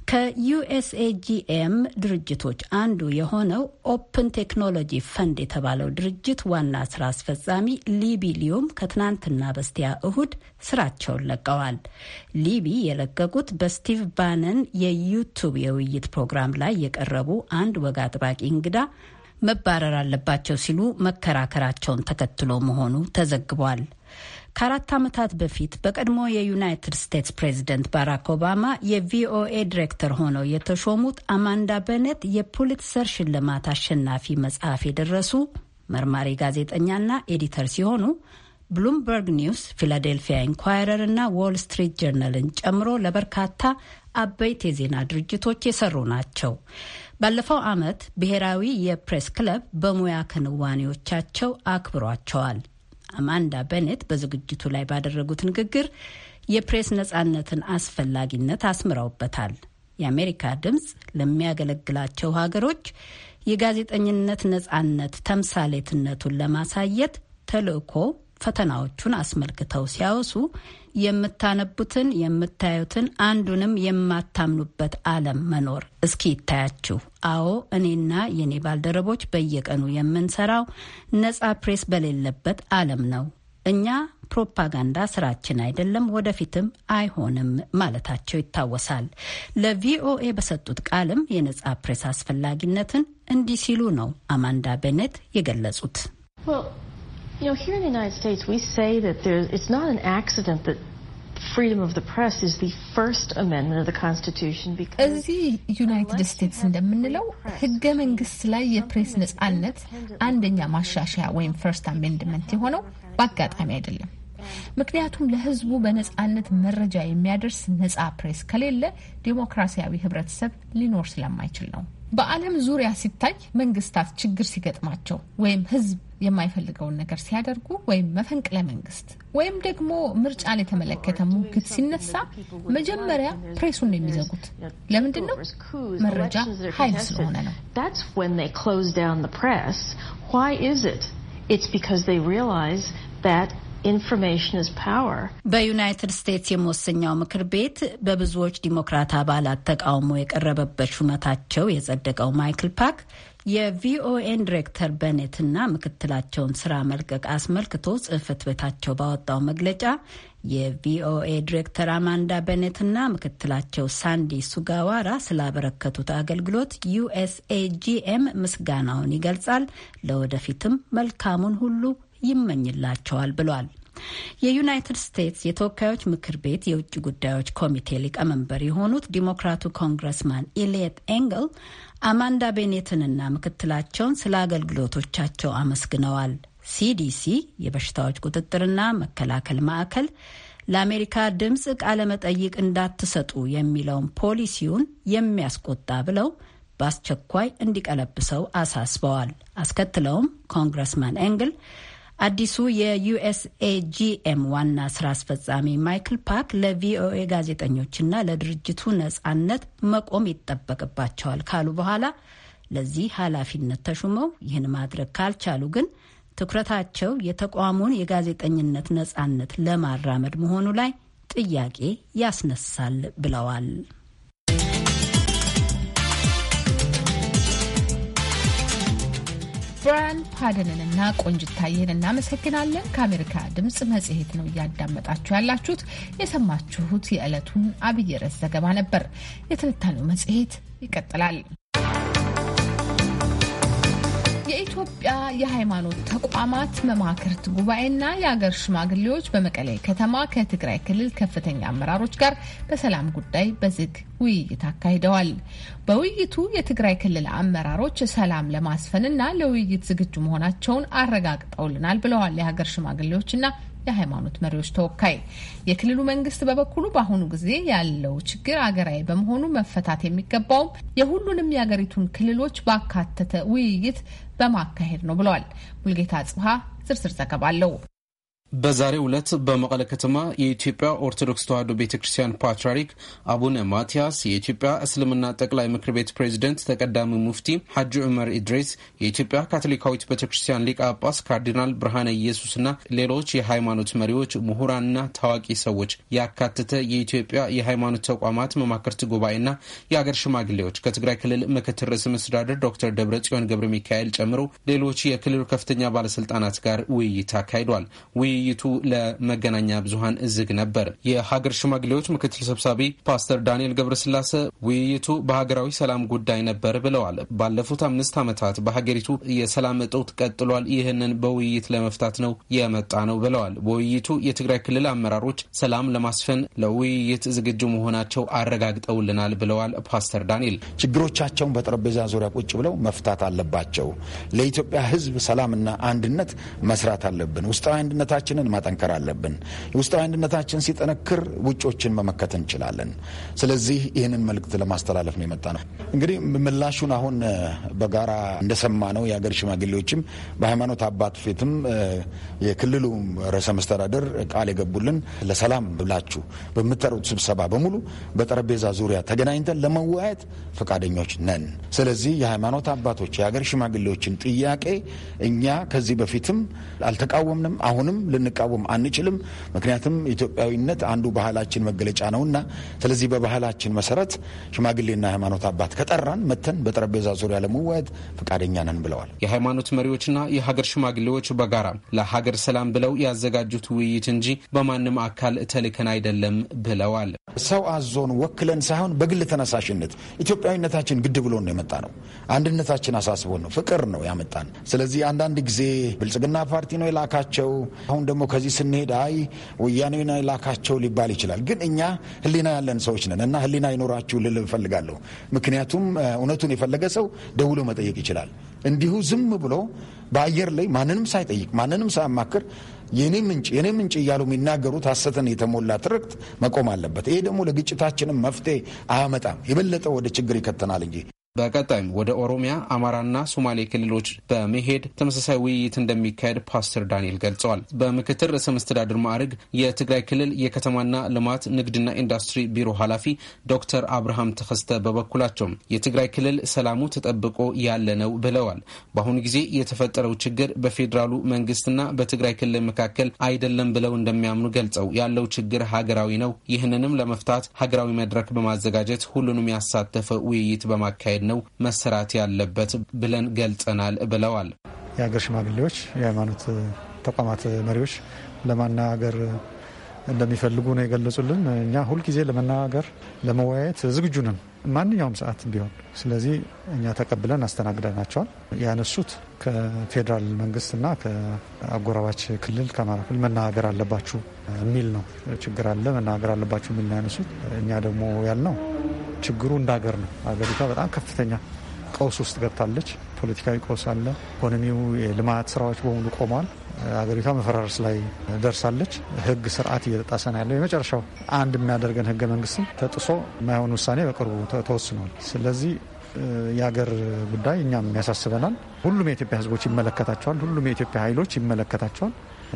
S8: ከዩኤስኤጂኤም ድርጅቶች አንዱ የሆነው ኦፕን ቴክኖሎጂ ፈንድ የተባለው ድርጅት ዋና ስራ አስፈጻሚ ሊቢ ሊዩም ከትናንትና በስቲያ እሁድ ስራቸውን ለቀዋል። ሊቢ የለቀቁት በስቲቭ ባነን የዩቱብ የውይይት ፕሮግራም ላይ የቀረቡ አንድ ወግ አጥባቂ እንግዳ መባረር አለባቸው ሲሉ መከራከራቸውን ተከትሎ መሆኑ ተዘግቧል። ከአራት ዓመታት በፊት በቀድሞ የዩናይትድ ስቴትስ ፕሬዝደንት ባራክ ኦባማ የቪኦኤ ዲሬክተር ሆነው የተሾሙት አማንዳ በነት የፑሊትሰር ሽልማት አሸናፊ መጽሐፍ የደረሱ መርማሪ ጋዜጠኛና ኤዲተር ሲሆኑ ብሉምበርግ ኒውስ፣ ፊላዴልፊያ ኢንኳይረር እና ዎል ስትሪት ጀርናልን ጨምሮ ለበርካታ አበይት የዜና ድርጅቶች የሰሩ ናቸው። ባለፈው ዓመት ብሔራዊ የፕሬስ ክለብ በሙያ ክንዋኔዎቻቸው አክብሯቸዋል። አማንዳ በኔት በዝግጅቱ ላይ ባደረጉት ንግግር የፕሬስ ነጻነትን አስፈላጊነት አስምረውበታል። የአሜሪካ ድምፅ ለሚያገለግላቸው ሀገሮች የጋዜጠኝነት ነጻነት ተምሳሌትነቱን ለማሳየት ተልዕኮ ፈተናዎቹን አስመልክተው ሲያወሱ የምታነቡትን የምታዩትን አንዱንም የማታምኑበት ዓለም መኖር እስኪ ይታያችሁ። አዎ እኔና የኔ ባልደረቦች በየቀኑ የምንሰራው ነጻ ፕሬስ በሌለበት ዓለም ነው። እኛ ፕሮፓጋንዳ ስራችን አይደለም፣ ወደፊትም አይሆንም ማለታቸው ይታወሳል። ለቪኦኤ በሰጡት ቃልም የነጻ ፕሬስ አስፈላጊነትን እንዲህ ሲሉ ነው አማንዳ ቤኔት የገለጹት።
S2: You know, here in the United States, we say that there, it's not an accident that እዚህ ዩናይትድ ስቴትስ
S1: እንደምንለው ሕገ መንግስት ላይ የፕሬስ ነጻነት አንደኛ ማሻሻያ ወይም ፈርስት አሜንድመንት የሆነው በአጋጣሚ አይደለም። ምክንያቱም ለህዝቡ በነጻነት መረጃ የሚያደርስ ነጻ ፕሬስ ከሌለ ዴሞክራሲያዊ ህብረተሰብ ሊኖር ስለማይችል ነው። በዓለም ዙሪያ ሲታይ መንግስታት ችግር ሲገጥማቸው ወይም ህዝብ የማይፈልገውን ነገር ሲያደርጉ ወይም መፈንቅለ መንግስት ወይም ደግሞ ምርጫን የተመለከተ ሙግት ሲነሳ መጀመሪያ ፕሬሱን የሚዘጉት። ለምንድን ነው? መረጃ ኃይል ስለሆነ
S2: ነው። በዩናይትድ ስቴትስ
S8: የመወሰኛው ምክር ቤት በብዙዎች ዲሞክራት አባላት ተቃውሞ የቀረበበት ሹመታቸው የጸደቀው ማይክል ፓክ የቪኦኤን ዲሬክተር በኔትና ምክትላቸውን ስራ መልቀቅ አስመልክቶ ጽህፈት ቤታቸው ባወጣው መግለጫ የቪኦኤ ዲሬክተር አማንዳ በኔትና ምክትላቸው ሳንዲ ሱጋዋራ ስላበረከቱት አገልግሎት ዩኤስኤጂኤም ምስጋናውን ይገልጻል። ለወደፊትም መልካሙን ሁሉ ይመኝላቸዋል ብሏል። የዩናይትድ ስቴትስ የተወካዮች ምክር ቤት የውጭ ጉዳዮች ኮሚቴ ሊቀመንበር የሆኑት ዲሞክራቱ ኮንግረስማን ኢልየት ኤንግል አማንዳ ቤኔትንና ምክትላቸውን ስለ አገልግሎቶቻቸው አመስግነዋል። ሲዲሲ የበሽታዎች ቁጥጥርና መከላከል ማዕከል ለአሜሪካ ድምፅ ቃለመጠይቅ እንዳትሰጡ የሚለውን ፖሊሲውን የሚያስቆጣ ብለው በአስቸኳይ እንዲቀለብሰው አሳስበዋል። አስከትለውም ኮንግረስማን ኤንግል አዲሱ የዩኤስኤጂኤም ዋና ስራ አስፈጻሚ ማይክል ፓክ ለቪኦኤ ጋዜጠኞችና ለድርጅቱ ነጻነት መቆም ይጠበቅባቸዋል ካሉ በኋላ ለዚህ ኃላፊነት ተሹመው ይህን ማድረግ ካልቻሉ ግን ትኩረታቸው የተቋሙን የጋዜጠኝነት ነጻነት ለማራመድ መሆኑ ላይ ጥያቄ ያስነሳል ብለዋል። ብራያን ፓደንንና ቆንጅታየን
S1: እናመሰግናለን። ከአሜሪካ ድምፅ መጽሔት ነው እያዳመጣችሁ ያላችሁት። የሰማችሁት የዕለቱን አብይ ርዕስ ዘገባ ነበር። የትንታኔው መጽሔት ይቀጥላል። የኢትዮጵያ የሃይማኖት ተቋማት መማክርት ጉባኤና የአገር ሽማግሌዎች በመቀሌ ከተማ ከትግራይ ክልል ከፍተኛ አመራሮች ጋር በሰላም ጉዳይ በዝግ ውይይት አካሂደዋል። በውይይቱ የትግራይ ክልል አመራሮች ሰላም ለማስፈንና ለውይይት ዝግጁ መሆናቸውን አረጋግጠውልናል ብለዋል የሀገር ሽማግሌዎችና የሃይማኖት መሪዎች ተወካይ። የክልሉ መንግስት በበኩሉ በአሁኑ ጊዜ ያለው ችግር አገራዊ በመሆኑ መፈታት የሚገባውም የሁሉንም የአገሪቱን ክልሎች ባካተተ ውይይት በማካሄድ ነው ብለዋል። ሙልጌታ ጽብሃ ዝርዝር ዘገባ አለው።
S9: በዛሬ ዕለት በመቀለ ከተማ የኢትዮጵያ ኦርቶዶክስ ተዋሕዶ ቤተ ክርስቲያን ፓትርያርክ አቡነ ማትያስ፣ የኢትዮጵያ እስልምና ጠቅላይ ምክር ቤት ፕሬዝደንት ተቀዳሚ ሙፍቲ ሐጂ ዑመር ኢድሬስ፣ የኢትዮጵያ ካቶሊካዊት ቤተ ክርስቲያን ሊቀ ጳጳስ ካርዲናል ብርሃነ ኢየሱስና ሌሎች የሃይማኖት መሪዎች፣ ምሁራንና ታዋቂ ሰዎች ያካተተ የኢትዮጵያ የሃይማኖት ተቋማት መማክርት ጉባኤና የአገር ሽማግሌዎች ከትግራይ ክልል ምክትል ርዕሰ መስተዳደር ዶክተር ደብረ ጽዮን ገብረ ሚካኤል ጨምሮ ሌሎች የክልሉ ከፍተኛ ባለስልጣናት ጋር ውይይት አካሂዷል። ውይይቱ ለመገናኛ ብዙሀን ዝግ ነበር። የሀገር ሽማግሌዎች ምክትል ሰብሳቢ ፓስተር ዳንኤል ገብረስላሴ ውይይቱ በሀገራዊ ሰላም ጉዳይ ነበር ብለዋል። ባለፉት አምስት ዓመታት በሀገሪቱ የሰላም እጦት ቀጥሏል። ይህንን በውይይት ለመፍታት ነው የመጣ ነው ብለዋል። በውይይቱ የትግራይ ክልል አመራሮች ሰላም ለማስፈን ለውይይት ዝግጁ መሆናቸው አረጋግጠውልናል ብለዋል። ፓስተር ዳንኤል ችግሮቻቸውን በጠረጴዛ ዙሪያ ቁጭ ብለው መፍታት አለባቸው። ለኢትዮጵያ ሕዝብ ሰላምና አንድነት
S3: መስራት አለብን። ውስጣዊ አንድነታችን ውስጣችንን ማጠንከር አለብን። የውስጣዊ አንድነታችን ሲጠነክር ውጮችን መመከት እንችላለን። ስለዚህ ይህንን መልእክት ለማስተላለፍ ነው የመጣ ነው። እንግዲህ ምላሹን አሁን በጋራ እንደሰማ ነው የሀገር ሽማግሌዎችም በሃይማኖት አባት ፊትም የክልሉ ርዕሰ መስተዳደር ቃል የገቡልን ለሰላም ብላችሁ በምትጠሩት ስብሰባ በሙሉ በጠረጴዛ ዙሪያ ተገናኝተን ለመወያየት ፈቃደኞች ነን። ስለዚህ የሃይማኖት አባቶች የሀገር ሽማግሌዎችን ጥያቄ እኛ ከዚህ በፊትም አልተቃወምንም፣ አሁንም ልንቃወም አንችልም። ምክንያቱም ኢትዮጵያዊነት አንዱ ባህላችን መገለጫ ነውና፣ ስለዚህ በባህላችን መሰረት ሽማግሌና ሃይማኖት አባት ከጠራን መተን
S9: በጠረጴዛ ዙሪያ ለመወያየት ፈቃደኛ ነን ብለዋል። የሃይማኖት መሪዎችና የሀገር ሽማግሌዎች በጋራ ለሀገር ሰላም ብለው ያዘጋጁት ውይይት እንጂ በማንም አካል ተልከን አይደለም ብለዋል። ሰው አዞን ወክለን ሳይሆን በግል ተነሳሽነት ኢትዮጵያዊነታችን ግድ ብሎ ነው የመጣ
S3: ነው። አንድነታችን አሳስቦ ነው፣ ፍቅር ነው ያመጣን። ስለዚህ አንዳንድ ጊዜ ብልጽግና ፓርቲ ነው የላካቸው አሁን ደግሞ ከዚህ ስንሄድ አይ ወያኔና ላካቸው ሊባል ይችላል። ግን እኛ ህሊና ያለን ሰዎች ነን እና ህሊና ይኖራችሁ ልል እፈልጋለሁ። ምክንያቱም እውነቱን የፈለገ ሰው ደውሎ መጠየቅ ይችላል። እንዲሁ ዝም ብሎ በአየር ላይ ማንንም ሳይጠይቅ ማንንም ሳያማክር የኔ ምንጭ የኔ ምንጭ እያሉ የሚናገሩት ሐሰትን የተሞላ ትርክት መቆም
S9: አለበት። ይሄ ደግሞ ለግጭታችንም መፍትሄ አያመጣም፣ የበለጠ ወደ ችግር ይከተናል እንጂ በቀጣይም ወደ ኦሮሚያ፣ አማራና ሶማሌ ክልሎች በመሄድ ተመሳሳይ ውይይት እንደሚካሄድ ፓስተር ዳንኤል ገልጸዋል። በምክትል ርዕሰ መስተዳድር ማዕረግ የትግራይ ክልል የከተማና ልማት ንግድና ኢንዱስትሪ ቢሮ ኃላፊ ዶክተር አብርሃም ተከስተ በበኩላቸው የትግራይ ክልል ሰላሙ ተጠብቆ ያለ ነው ብለዋል። በአሁኑ ጊዜ የተፈጠረው ችግር በፌዴራሉ መንግስትና በትግራይ ክልል መካከል አይደለም ብለው እንደሚያምኑ ገልጸው ያለው ችግር ሀገራዊ ነው። ይህንንም ለመፍታት ሀገራዊ መድረክ በማዘጋጀት ሁሉንም ያሳተፈ ውይይት በማካሄድ ላይ ነው መሰራት ያለበት ብለን ገልጸናል ብለዋል።
S10: የሀገር ሽማግሌዎች፣ የሃይማኖት ተቋማት መሪዎች ለማናገር እንደሚፈልጉ ነው የገለጹልን። እኛ ሁልጊዜ ለመናገር ለመወያየት ዝግጁ ነን ማንኛውም ሰዓት ቢሆን። ስለዚህ እኛ ተቀብለን አስተናግደናቸዋል። ያነሱት ከፌዴራል መንግስትና ከአጎራባች ክልል ከአማራ ክልል መናገር አለባችሁ የሚል ነው። ችግር አለ መናገር አለባችሁ የሚል ነው ያነሱት። እኛ ደግሞ ያልነው ችግሩ እንደ ሀገር ነው። ሀገሪቷ በጣም ከፍተኛ ቀውስ ውስጥ ገብታለች። ፖለቲካዊ ቀውስ አለ። ኢኮኖሚው፣ የልማት ስራዎች በሙሉ ቆመዋል። ሀገሪቷ መፈራረስ ላይ ደርሳለች። ህግ ስርዓት እየተጣሰ ነው ያለው። የመጨረሻው አንድ የሚያደርገን ህገ መንግስትም ተጥሶ የማይሆን ውሳኔ በቅርቡ ተወስኗል። ስለዚህ የሀገር ጉዳይ እኛም ያሳስበናል። ሁሉም የኢትዮጵያ ህዝቦች ይመለከታቸዋል። ሁሉም የኢትዮጵያ ኃይሎች ይመለከታቸዋል።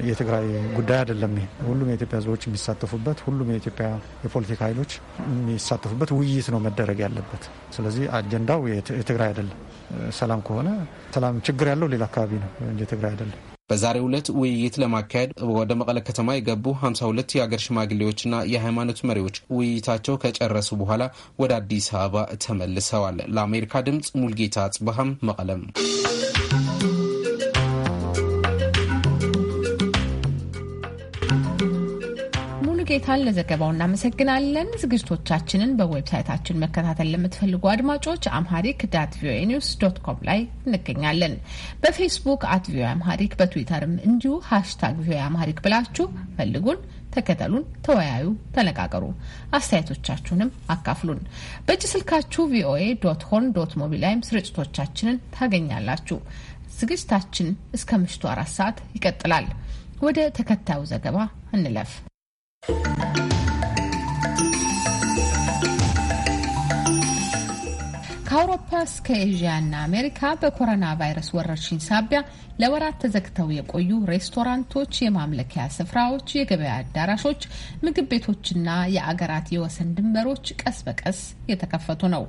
S10: የትግራይ ጉዳይ አይደለም ይሄ። ሁሉም የኢትዮጵያ ህዝቦች የሚሳተፉበት፣ ሁሉም የኢትዮጵያ የፖለቲካ ኃይሎች የሚሳተፉበት ውይይት ነው መደረግ ያለበት። ስለዚህ አጀንዳው የትግራይ አይደለም። ሰላም ከሆነ ሰላም ችግር ያለው ሌላ አካባቢ ነው እንጂ ትግራይ አይደለም።
S9: በዛሬው ዕለት ውይይት ለማካሄድ ወደ መቀለ ከተማ የገቡ 52 የአገር ሽማግሌዎችና የሃይማኖት መሪዎች ውይይታቸው ከጨረሱ በኋላ ወደ አዲስ አበባ ተመልሰዋል። ለአሜሪካ ድምፅ ሙልጌታ አጽበሃም መቀለም
S1: ሙልጌታን ለዘገባው እናመሰግናለን። ዝግጅቶቻችንን በዌብሳይታችን መከታተል ለምትፈልጉ አድማጮች አምሃሪክ ዳት ቪኦኤ ኒውስ ዶት ኮም ላይ እንገኛለን። በፌስቡክ አት ቪኦኤ አምሃሪክ፣ በትዊተርም እንዲሁ ሃሽታግ ቪኦኤ አምሃሪክ ብላችሁ ፈልጉን፣ ተከተሉን፣ ተወያዩ፣ ተነጋገሩ። አስተያየቶቻችሁንም አካፍሉን። በእጅ ስልካችሁ ቪኦኤ ዶት ሆን ዶት ሞቢ ላይም ስርጭቶቻችንን ታገኛላችሁ። ዝግጅታችን እስከ ምሽቱ አራት ሰዓት ይቀጥላል። ወደ ተከታዩ ዘገባ እንለፍ። ከአውሮፓ እስከ ኤዥያና አሜሪካ በኮሮና ቫይረስ ወረርሽኝ ሳቢያ ለወራት ተዘግተው የቆዩ ሬስቶራንቶች፣ የማምለኪያ ስፍራዎች፣ የገበያ አዳራሾች፣ ምግብ ቤቶችና የአገራት የወሰን ድንበሮች ቀስ በቀስ እየተከፈቱ ነው።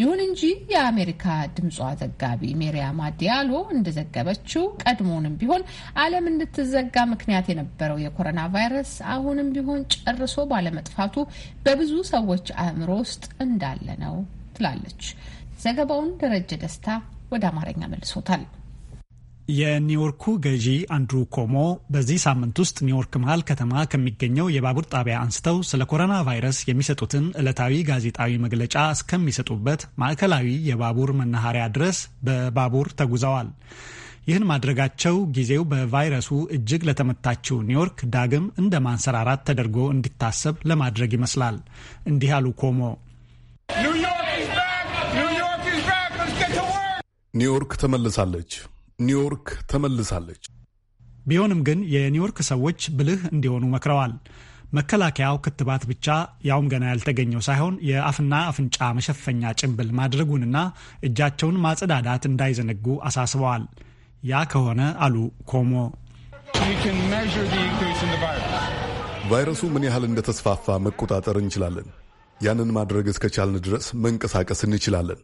S1: ይሁን እንጂ የአሜሪካ ድምጿ ዘጋቢ ሜሪያማ ዲያሎ እንደዘገበችው ቀድሞውንም ቢሆን ዓለም እንድትዘጋ ምክንያት የነበረው የኮሮና ቫይረስ አሁንም ቢሆን ጨርሶ ባለመጥፋቱ በብዙ ሰዎች አእምሮ ውስጥ እንዳለ ነው ትላለች። ዘገባውን ደረጀ ደስታ ወደ አማርኛ መልሶታል።
S11: የኒውዮርኩ ገዢ አንድሩ ኮሞ በዚህ ሳምንት ውስጥ ኒውዮርክ መሀል ከተማ ከሚገኘው የባቡር ጣቢያ አንስተው ስለ ኮሮና ቫይረስ የሚሰጡትን ዕለታዊ ጋዜጣዊ መግለጫ እስከሚሰጡበት ማዕከላዊ የባቡር መናኸሪያ ድረስ በባቡር ተጉዘዋል። ይህን ማድረጋቸው ጊዜው በቫይረሱ እጅግ ለተመታችው ኒውዮርክ ዳግም እንደ ማንሰራራት ተደርጎ እንዲታሰብ ለማድረግ ይመስላል። እንዲህ አሉ ኮሞ
S3: ኒውዮርክ ተመልሳለች። ኒውዮርክ ተመልሳለች።
S11: ቢሆንም ግን የኒውዮርክ ሰዎች ብልህ እንዲሆኑ መክረዋል። መከላከያው ክትባት ብቻ ያውም ገና ያልተገኘው ሳይሆን የአፍና አፍንጫ መሸፈኛ ጭንብል ማድረጉንና እጃቸውን ማጸዳዳት እንዳይዘነጉ አሳስበዋል። ያ ከሆነ አሉ ኮሞ፣
S3: ቫይረሱ ምን ያህል እንደተስፋፋ መቆጣጠር እንችላለን። ያንን ማድረግ እስከቻልን ድረስ መንቀሳቀስ እንችላለን።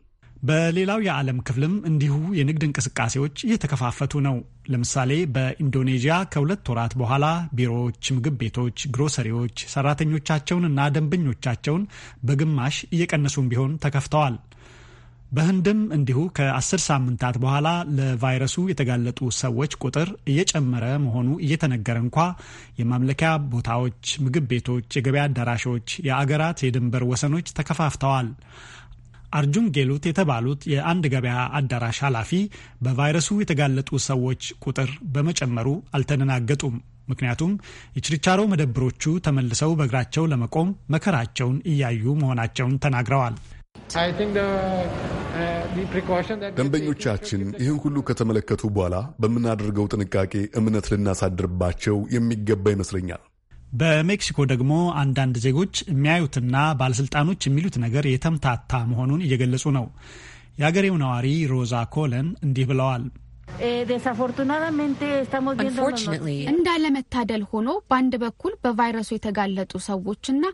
S11: በሌላው የዓለም ክፍልም እንዲሁ የንግድ እንቅስቃሴዎች እየተከፋፈቱ ነው። ለምሳሌ በኢንዶኔዥያ ከሁለት ወራት በኋላ ቢሮዎች፣ ምግብ ቤቶች፣ ግሮሰሪዎች ሰራተኞቻቸውንና ደንበኞቻቸውን በግማሽ እየቀነሱም ቢሆን ተከፍተዋል። በህንድም እንዲሁ ከአስር ሳምንታት በኋላ ለቫይረሱ የተጋለጡ ሰዎች ቁጥር እየጨመረ መሆኑ እየተነገረ እንኳ የማምለኪያ ቦታዎች፣ ምግብ ቤቶች፣ የገበያ አዳራሾች፣ የአገራት የድንበር ወሰኖች ተከፋፍተዋል። አርጁን ጌሉት የተባሉት የአንድ ገበያ አዳራሽ ኃላፊ በቫይረሱ የተጋለጡ ሰዎች ቁጥር በመጨመሩ አልተደናገጡም። ምክንያቱም የችርቻሮ መደብሮቹ ተመልሰው በእግራቸው ለመቆም መከራቸውን እያዩ መሆናቸውን ተናግረዋል።
S5: uh,
S3: ደንበኞቻችን ይህን ሁሉ ከተመለከቱ በኋላ በምናደርገው ጥንቃቄ እምነት ልናሳድርባቸው የሚገባ ይመስለኛል።
S11: በሜክሲኮ ደግሞ አንዳንድ ዜጎች የሚያዩትና ባለስልጣኖች የሚሉት ነገር የተምታታ መሆኑን እየገለጹ ነው። የአገሬው ነዋሪ ሮዛ ኮለን እንዲህ ብለዋል።
S1: eh, እንዳለመታደል ሆኖ በአንድ በኩል በቫይረሱ የተጋለጡ ሰዎችና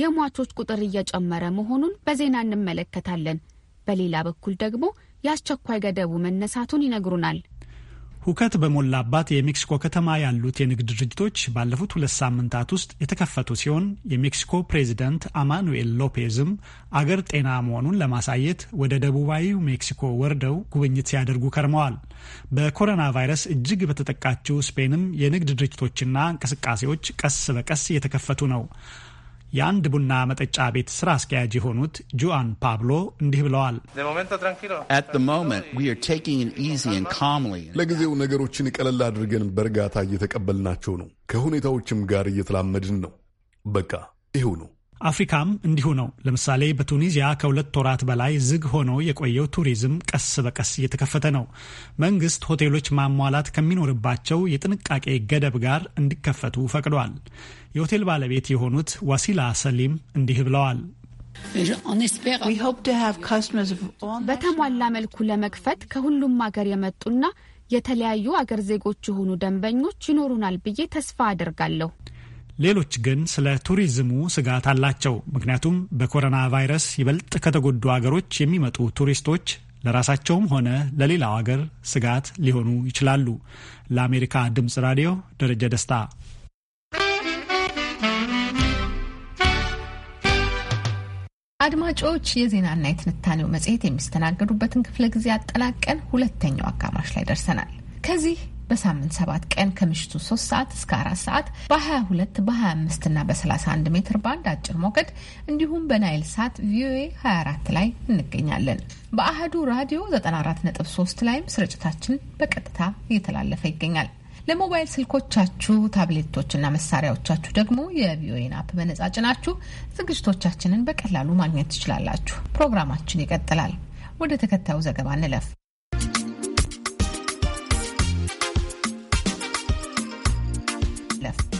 S1: የሟቾች ቁጥር እየጨመረ መሆኑን በዜና እንመለከታለን። በሌላ በኩል ደግሞ የአስቸኳይ ገደቡ መነሳቱን ይነግሩናል።
S11: ሁከት በሞላባት የሜክሲኮ ከተማ ያሉት የንግድ ድርጅቶች ባለፉት ሁለት ሳምንታት ውስጥ የተከፈቱ ሲሆን የሜክሲኮ ፕሬዚደንት አማኑኤል ሎፔዝም አገር ጤና መሆኑን ለማሳየት ወደ ደቡባዊው ሜክሲኮ ወርደው ጉብኝት ሲያደርጉ ከርመዋል። በኮሮና ቫይረስ እጅግ በተጠቃችው ስፔንም የንግድ ድርጅቶችና እንቅስቃሴዎች ቀስ በቀስ እየተከፈቱ ነው። የአንድ ቡና መጠጫ ቤት ስራ አስኪያጅ የሆኑት ጁአን ፓብሎ እንዲህ ብለዋል።
S3: ለጊዜው ነገሮችን ቀለል አድርገን በእርጋታ እየተቀበልናቸው ነው። ከሁኔታዎችም ጋር እየተላመድን ነው። በቃ ይኸው ነው።
S11: አፍሪካም እንዲሁ ነው። ለምሳሌ በቱኒዚያ ከሁለት ወራት በላይ ዝግ ሆኖ የቆየው ቱሪዝም ቀስ በቀስ እየተከፈተ ነው። መንግስት ሆቴሎች ማሟላት ከሚኖርባቸው የጥንቃቄ ገደብ ጋር እንዲከፈቱ ፈቅዷል። የሆቴል ባለቤት የሆኑት ዋሲላ ሰሊም እንዲህ ብለዋል።
S1: በተሟላ መልኩ ለመክፈት ከሁሉም አገር የመጡና የተለያዩ አገር ዜጎች የሆኑ ደንበኞች ይኖሩናል ብዬ ተስፋ አደርጋለሁ።
S11: ሌሎች ግን ስለ ቱሪዝሙ ስጋት አላቸው። ምክንያቱም በኮሮና ቫይረስ ይበልጥ ከተጎዱ አገሮች የሚመጡ ቱሪስቶች ለራሳቸውም ሆነ ለሌላው አገር ስጋት ሊሆኑ ይችላሉ። ለአሜሪካ ድምፅ ራዲዮ ደረጀ ደስታ።
S1: አድማጮች የዜናና የትንታኔው መጽሔት የሚስተናገዱበትን ክፍለ ጊዜ አጠናቀን ሁለተኛው አጋማሽ ላይ ደርሰናል። ከዚህ በሳምንት 7 ቀን ከምሽቱ 3 ሰዓት እስከ 4 ሰዓት በ22 በ25 እና በ31 ሜትር ባንድ አጭር ሞገድ እንዲሁም በናይል ሳት ቪኦኤ 24 ላይ እንገኛለን። በአህዱ ራዲዮ 94.3 ላይም ስርጭታችን በቀጥታ እየተላለፈ ይገኛል። ለሞባይል ስልኮቻችሁ ታብሌቶችና መሳሪያዎቻችሁ ደግሞ የቪኦኤን አፕ በነጻ ጭናችሁ ዝግጅቶቻችንን በቀላሉ ማግኘት ትችላላችሁ። ፕሮግራማችን ይቀጥላል። ወደ ተከታዩ ዘገባ እንለፍ።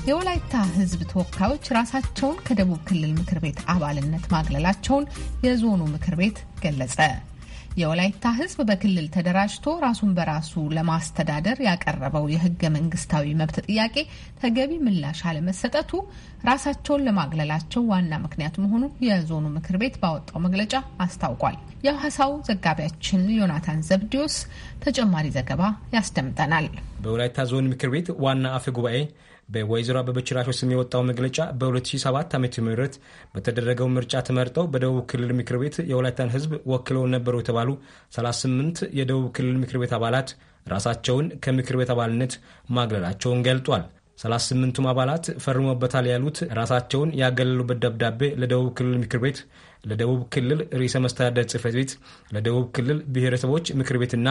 S1: የወላይታ ሕዝብ ተወካዮች ራሳቸውን ከደቡብ ክልል ምክር ቤት አባልነት ማግለላቸውን የዞኑ ምክር ቤት ገለጸ። የወላይታ ህዝብ በክልል ተደራጅቶ ራሱን በራሱ ለማስተዳደር ያቀረበው የህገ መንግስታዊ መብት ጥያቄ ተገቢ ምላሽ አለመሰጠቱ ራሳቸውን ለማግለላቸው ዋና ምክንያት መሆኑን የዞኑ ምክር ቤት ባወጣው መግለጫ አስታውቋል። የሐዋሳው ዘጋቢያችን ዮናታን ዘብዲዮስ ተጨማሪ ዘገባ ያስደምጠናል።
S7: በወላይታ ዞን ምክር ቤት ዋና አፈ ጉባኤ በወይዘሮ አበበች ራሾ ስም የወጣው መግለጫ በ2007 ዓ ም በተደረገው ምርጫ ተመርጠው በደቡብ ክልል ምክር ቤት የወላይታን ሕዝብ ወክለው ነበሩ የተባሉ 38 የደቡብ ክልል ምክር ቤት አባላት ራሳቸውን ከምክር ቤት አባልነት ማግለላቸውን ገልጧል። 38ቱም አባላት ፈርሞበታል ያሉት ራሳቸውን ያገለሉበት ደብዳቤ ለደቡብ ክልል ምክር ቤት፣ ለደቡብ ክልል ርዕሰ መስተዳደር ጽሕፈት ቤት፣ ለደቡብ ክልል ብሔረሰቦች ምክር ቤትና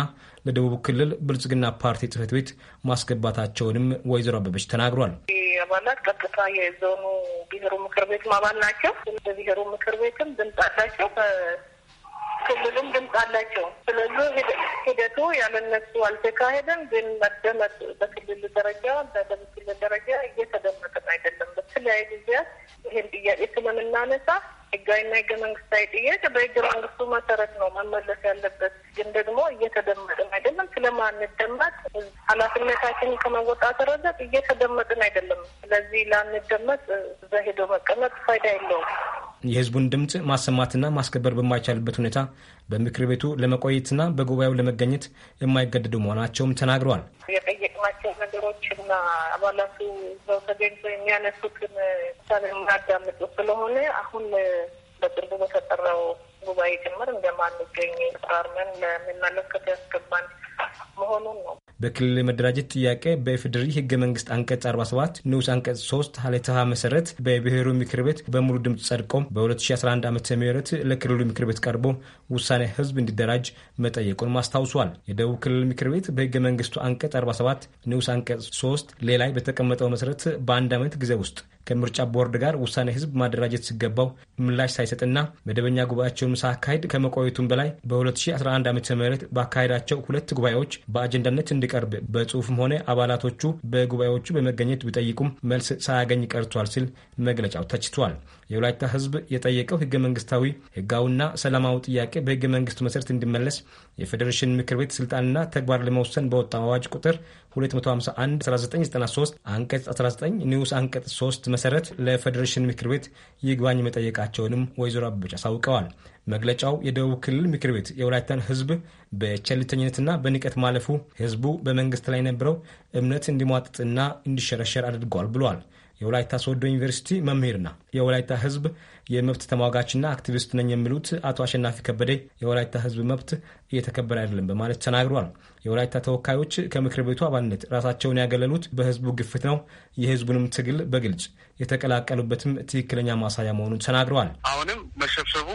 S7: ለደቡብ ክልል ብልጽግና ፓርቲ ጽህፈት ቤት ማስገባታቸውንም ወይዘሮ አበበች ተናግሯል።
S6: አባላት ቀጥታ የዞኑ ብሔሩ ምክር ቤትም አባል ናቸው።
S12: በብሔሩ ምክር ቤትም ድምጽ አላቸው። ክልሉም ድምጽ አላቸው። ስለዚህ ሂደቱ ያለነሱ አልተካሄደም። ግን መደመጥ በክልል ደረጃ በደቡብ ክልል ደረጃ እየተደመጠ አይደለም። በተለያዩ ጊዜያት ይህን ጥያቄ ስለምናነሳ ህጋዊና ህገ መንግስታዊ ጥያቄ በህገ መንግስቱ መሰረት ነው መመለስ ያለበት። ግን ደግሞ እየተደመጥን አይደለም። ስለማንደመጥ ኃላፊነታችንን ከመወጣት ረገድ እየተደመጥን አይደለም። ስለዚህ ላንደመጥ እዛ መቀመጥ ፋይዳ የለውም።
S7: የህዝቡን ድምፅ ማሰማትና ማስከበር በማይቻልበት ሁኔታ በምክር ቤቱ ለመቆየትና በጉባኤው ለመገኘት የማይገደዱ መሆናቸውም ተናግረዋል።
S12: ነገሮች እና አባላቱ ሰው ተገኝቶ የሚያነሱትን ሳለ የማያዳምጡ ስለሆነ አሁን በቅርቡ በተጠራው ጉባኤ ጭምር እንደማንገኝ ተራርመን
S6: ለሚመለከተው ያስገባን
S7: መሆኑን ነው። በክልል መደራጀት ጥያቄ በኢፌዴሪ ህገ መንግስት አንቀጽ 47 ንዑስ አንቀጽ 3 ሀለተሃ መሰረት በብሔሩ ምክር ቤት በሙሉ ድምፅ ጸድቆ በ2011 ዓ ም ለክልሉ ምክር ቤት ቀርቦ ውሳኔ ህዝብ እንዲደራጅ መጠየቁን አስታውሷል። የደቡብ ክልል ምክር ቤት በህገ መንግስቱ አንቀጽ 47 ንዑስ አንቀጽ 3 ሌላይ በተቀመጠው መሰረት በአንድ ዓመት ጊዜ ውስጥ ከምርጫ ቦርድ ጋር ውሳኔ ህዝብ ማደራጀት ሲገባው ምላሽ ሳይሰጥና መደበኛ ጉባኤያቸውን ሳያካሂድ ከመቆየቱም በላይ በ2011 ዓ ም ባካሄዳቸው ሁለት ጉባኤዎች በአጀንዳነት እንዲቀርብ በጽሁፍም ሆነ አባላቶቹ በጉባኤዎቹ በመገኘት ቢጠይቁም መልስ ሳያገኝ ቀርቷል ሲል መግለጫው ተችቷል። የወላይታ ህዝብ የጠየቀው ህገ መንግስታዊ ህጋዊና ሰላማዊ ጥያቄ በህገ መንግስቱ መሰረት እንዲመለስ የፌዴሬሽን ምክር ቤት ስልጣንና ተግባር ለመወሰን በወጣው አዋጅ ቁጥር 251 1993 አንቀጽ 19 ንዑስ አንቀጽ 3 መሰረት ለፌዴሬሽን ምክር ቤት ይግባኝ መጠየቃቸውንም ወይዘሮ አበጭ አሳውቀዋል። መግለጫው የደቡብ ክልል ምክር ቤት የወላይታን ሕዝብ በቸልተኝነትና በንቀት ማለፉ ሕዝቡ በመንግስት ላይ የነበረው እምነት እንዲሟጥጥና እንዲሸረሸር አድርጓል ብሏል። የወላይታ ሶዶ ዩኒቨርሲቲ መምህርና የወላይታ ህዝብ የመብት ተሟጋችና አክቲቪስት ነኝ የሚሉት አቶ አሸናፊ ከበደ የወላይታ ህዝብ መብት እየተከበረ አይደለም በማለት ተናግሯል። የወላይታ ተወካዮች ከምክር ቤቱ አባልነት ራሳቸውን ያገለሉት በህዝቡ ግፊት ነው። የህዝቡንም ትግል በግልጽ የተቀላቀሉበትም ትክክለኛ ማሳያ መሆኑን ተናግረዋል።
S9: አሁንም መሰብሰቡ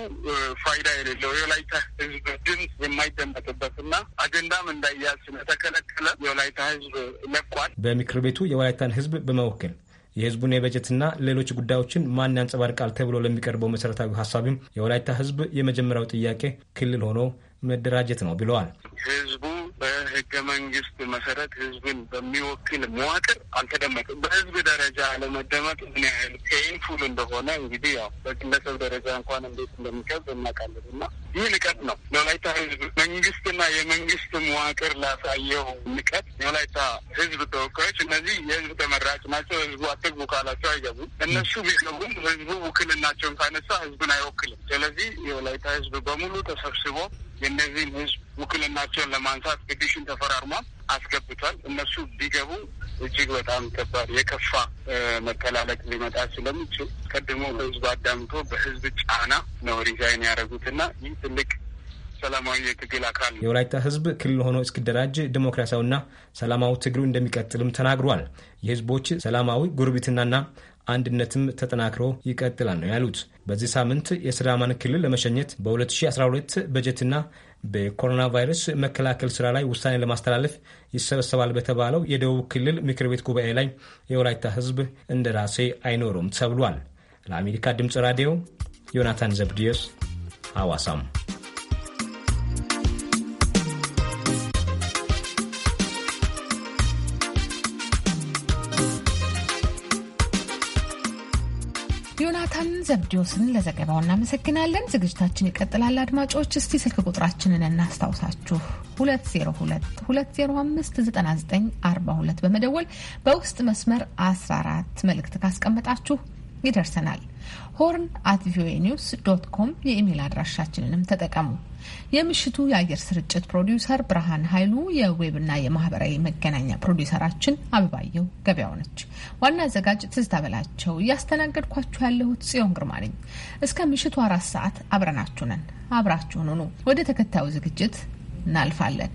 S9: ፋይዳ የሌለው የወላይታ ህዝብ ድምፅ
S7: የማይደመጥበትና አጀንዳም እንዳያስ ስለተከለከለ የወላይታ ህዝብ ለቋል። በምክር ቤቱ የወላይታን ህዝብ በመወከል የህዝቡን የበጀትና ሌሎች ጉዳዮችን ማን ያንጸባርቃል ተብሎ ለሚቀርበው መሰረታዊ ሀሳብም የወላይታ ህዝብ የመጀመሪያው ጥያቄ ክልል ሆኖ መደራጀት ነው ብለዋል። ህዝቡ በህገ
S9: መንግስት መሰረት ህዝብን በሚወክል መዋቅር አልተደመጠም በህዝብ ደረጃ አለመደመጥ ምን ያህል ፔንፉል እንደሆነ እንግዲህ ያው
S3: በግለሰብ ደረጃ እንኳን እንዴት እንደሚከብድ እናውቃለን እና ይህ ንቀት ነው። ለወላይታ ሕዝብ መንግስትና የመንግስት መዋቅር ላሳየው ንቀት የወላይታ ህዝብ ተወካዮች እነዚህ
S9: የህዝብ ተመራጭ ናቸው። ህዝቡ አትግቡ ካላቸው አይገቡም። እነሱ ቢገቡም ህዝቡ ውክልናቸውን ካነሳ ህዝብን አይወክልም። ስለዚህ የወላይታ ህዝብ በሙሉ ተሰብስቦ የእነዚህን ህዝብ ውክልናቸውን ለማንሳት ፔቲሽን ተፈራርሟል፣ አስገብቷል። እነሱ ቢገቡ እጅግ በጣም ከባድ የከፋ መተላለቅ ሊመጣ ስለሚችል ቀድሞ ህዝብ አዳምቶ በህዝብ ጫና ነው ሪዛይን ያደረጉትና ይህ ትልቅ ሰላማዊ የትግል አካል
S7: ነው። የወላይታ ህዝብ ክልል ሆኖ እስኪደራጅ ዲሞክራሲያዊና ሰላማዊ ትግሉ እንደሚቀጥልም ተናግሯል። የህዝቦች ሰላማዊ ጉርብትናና አንድነትም ተጠናክሮ ይቀጥላል ነው ያሉት። በዚህ ሳምንት የሲዳማን ክልል ለመሸኘት በ2012 በጀትና በኮሮና ቫይረስ መከላከል ስራ ላይ ውሳኔ ለማስተላለፍ ይሰበሰባል በተባለው የደቡብ ክልል ምክር ቤት ጉባኤ ላይ የወላይታ ህዝብ እንደራሴ አይኖሩም ተብሏል። ለአሜሪካ ድምፅ ራዲዮ ዮናታን ዘብድዮስ አዋሳም።
S1: ዮናታን ዘብዲዎስን ለዘገባው እናመሰግናለን። ዝግጅታችን ይቀጥላል። አድማጮች እስቲ ስልክ ቁጥራችንን እናስታውሳችሁ 2022059942 በመደወል በውስጥ መስመር 14 መልእክት ካስቀመጣችሁ ይደርሰናል። ሆርን አት ቪኦኤ ኒውስ ዶት ኮም የኢሜይል አድራሻችንንም ተጠቀሙ። የምሽቱ የአየር ስርጭት ፕሮዲውሰር ብርሃን ኃይሉ፣ የዌብና የማህበራዊ መገናኛ ፕሮዲውሰራችን አበባየው ገበያው ነች። ዋና አዘጋጅ ትዝታ በላቸው፣ እያስተናገድኳችሁ ያለሁት ጽዮን ግርማ ነኝ። እስከ ምሽቱ አራት ሰዓት አብረናችሁ ነን። አብራችሁን ሁኑ። ወደ ተከታዩ ዝግጅት እናልፋለን።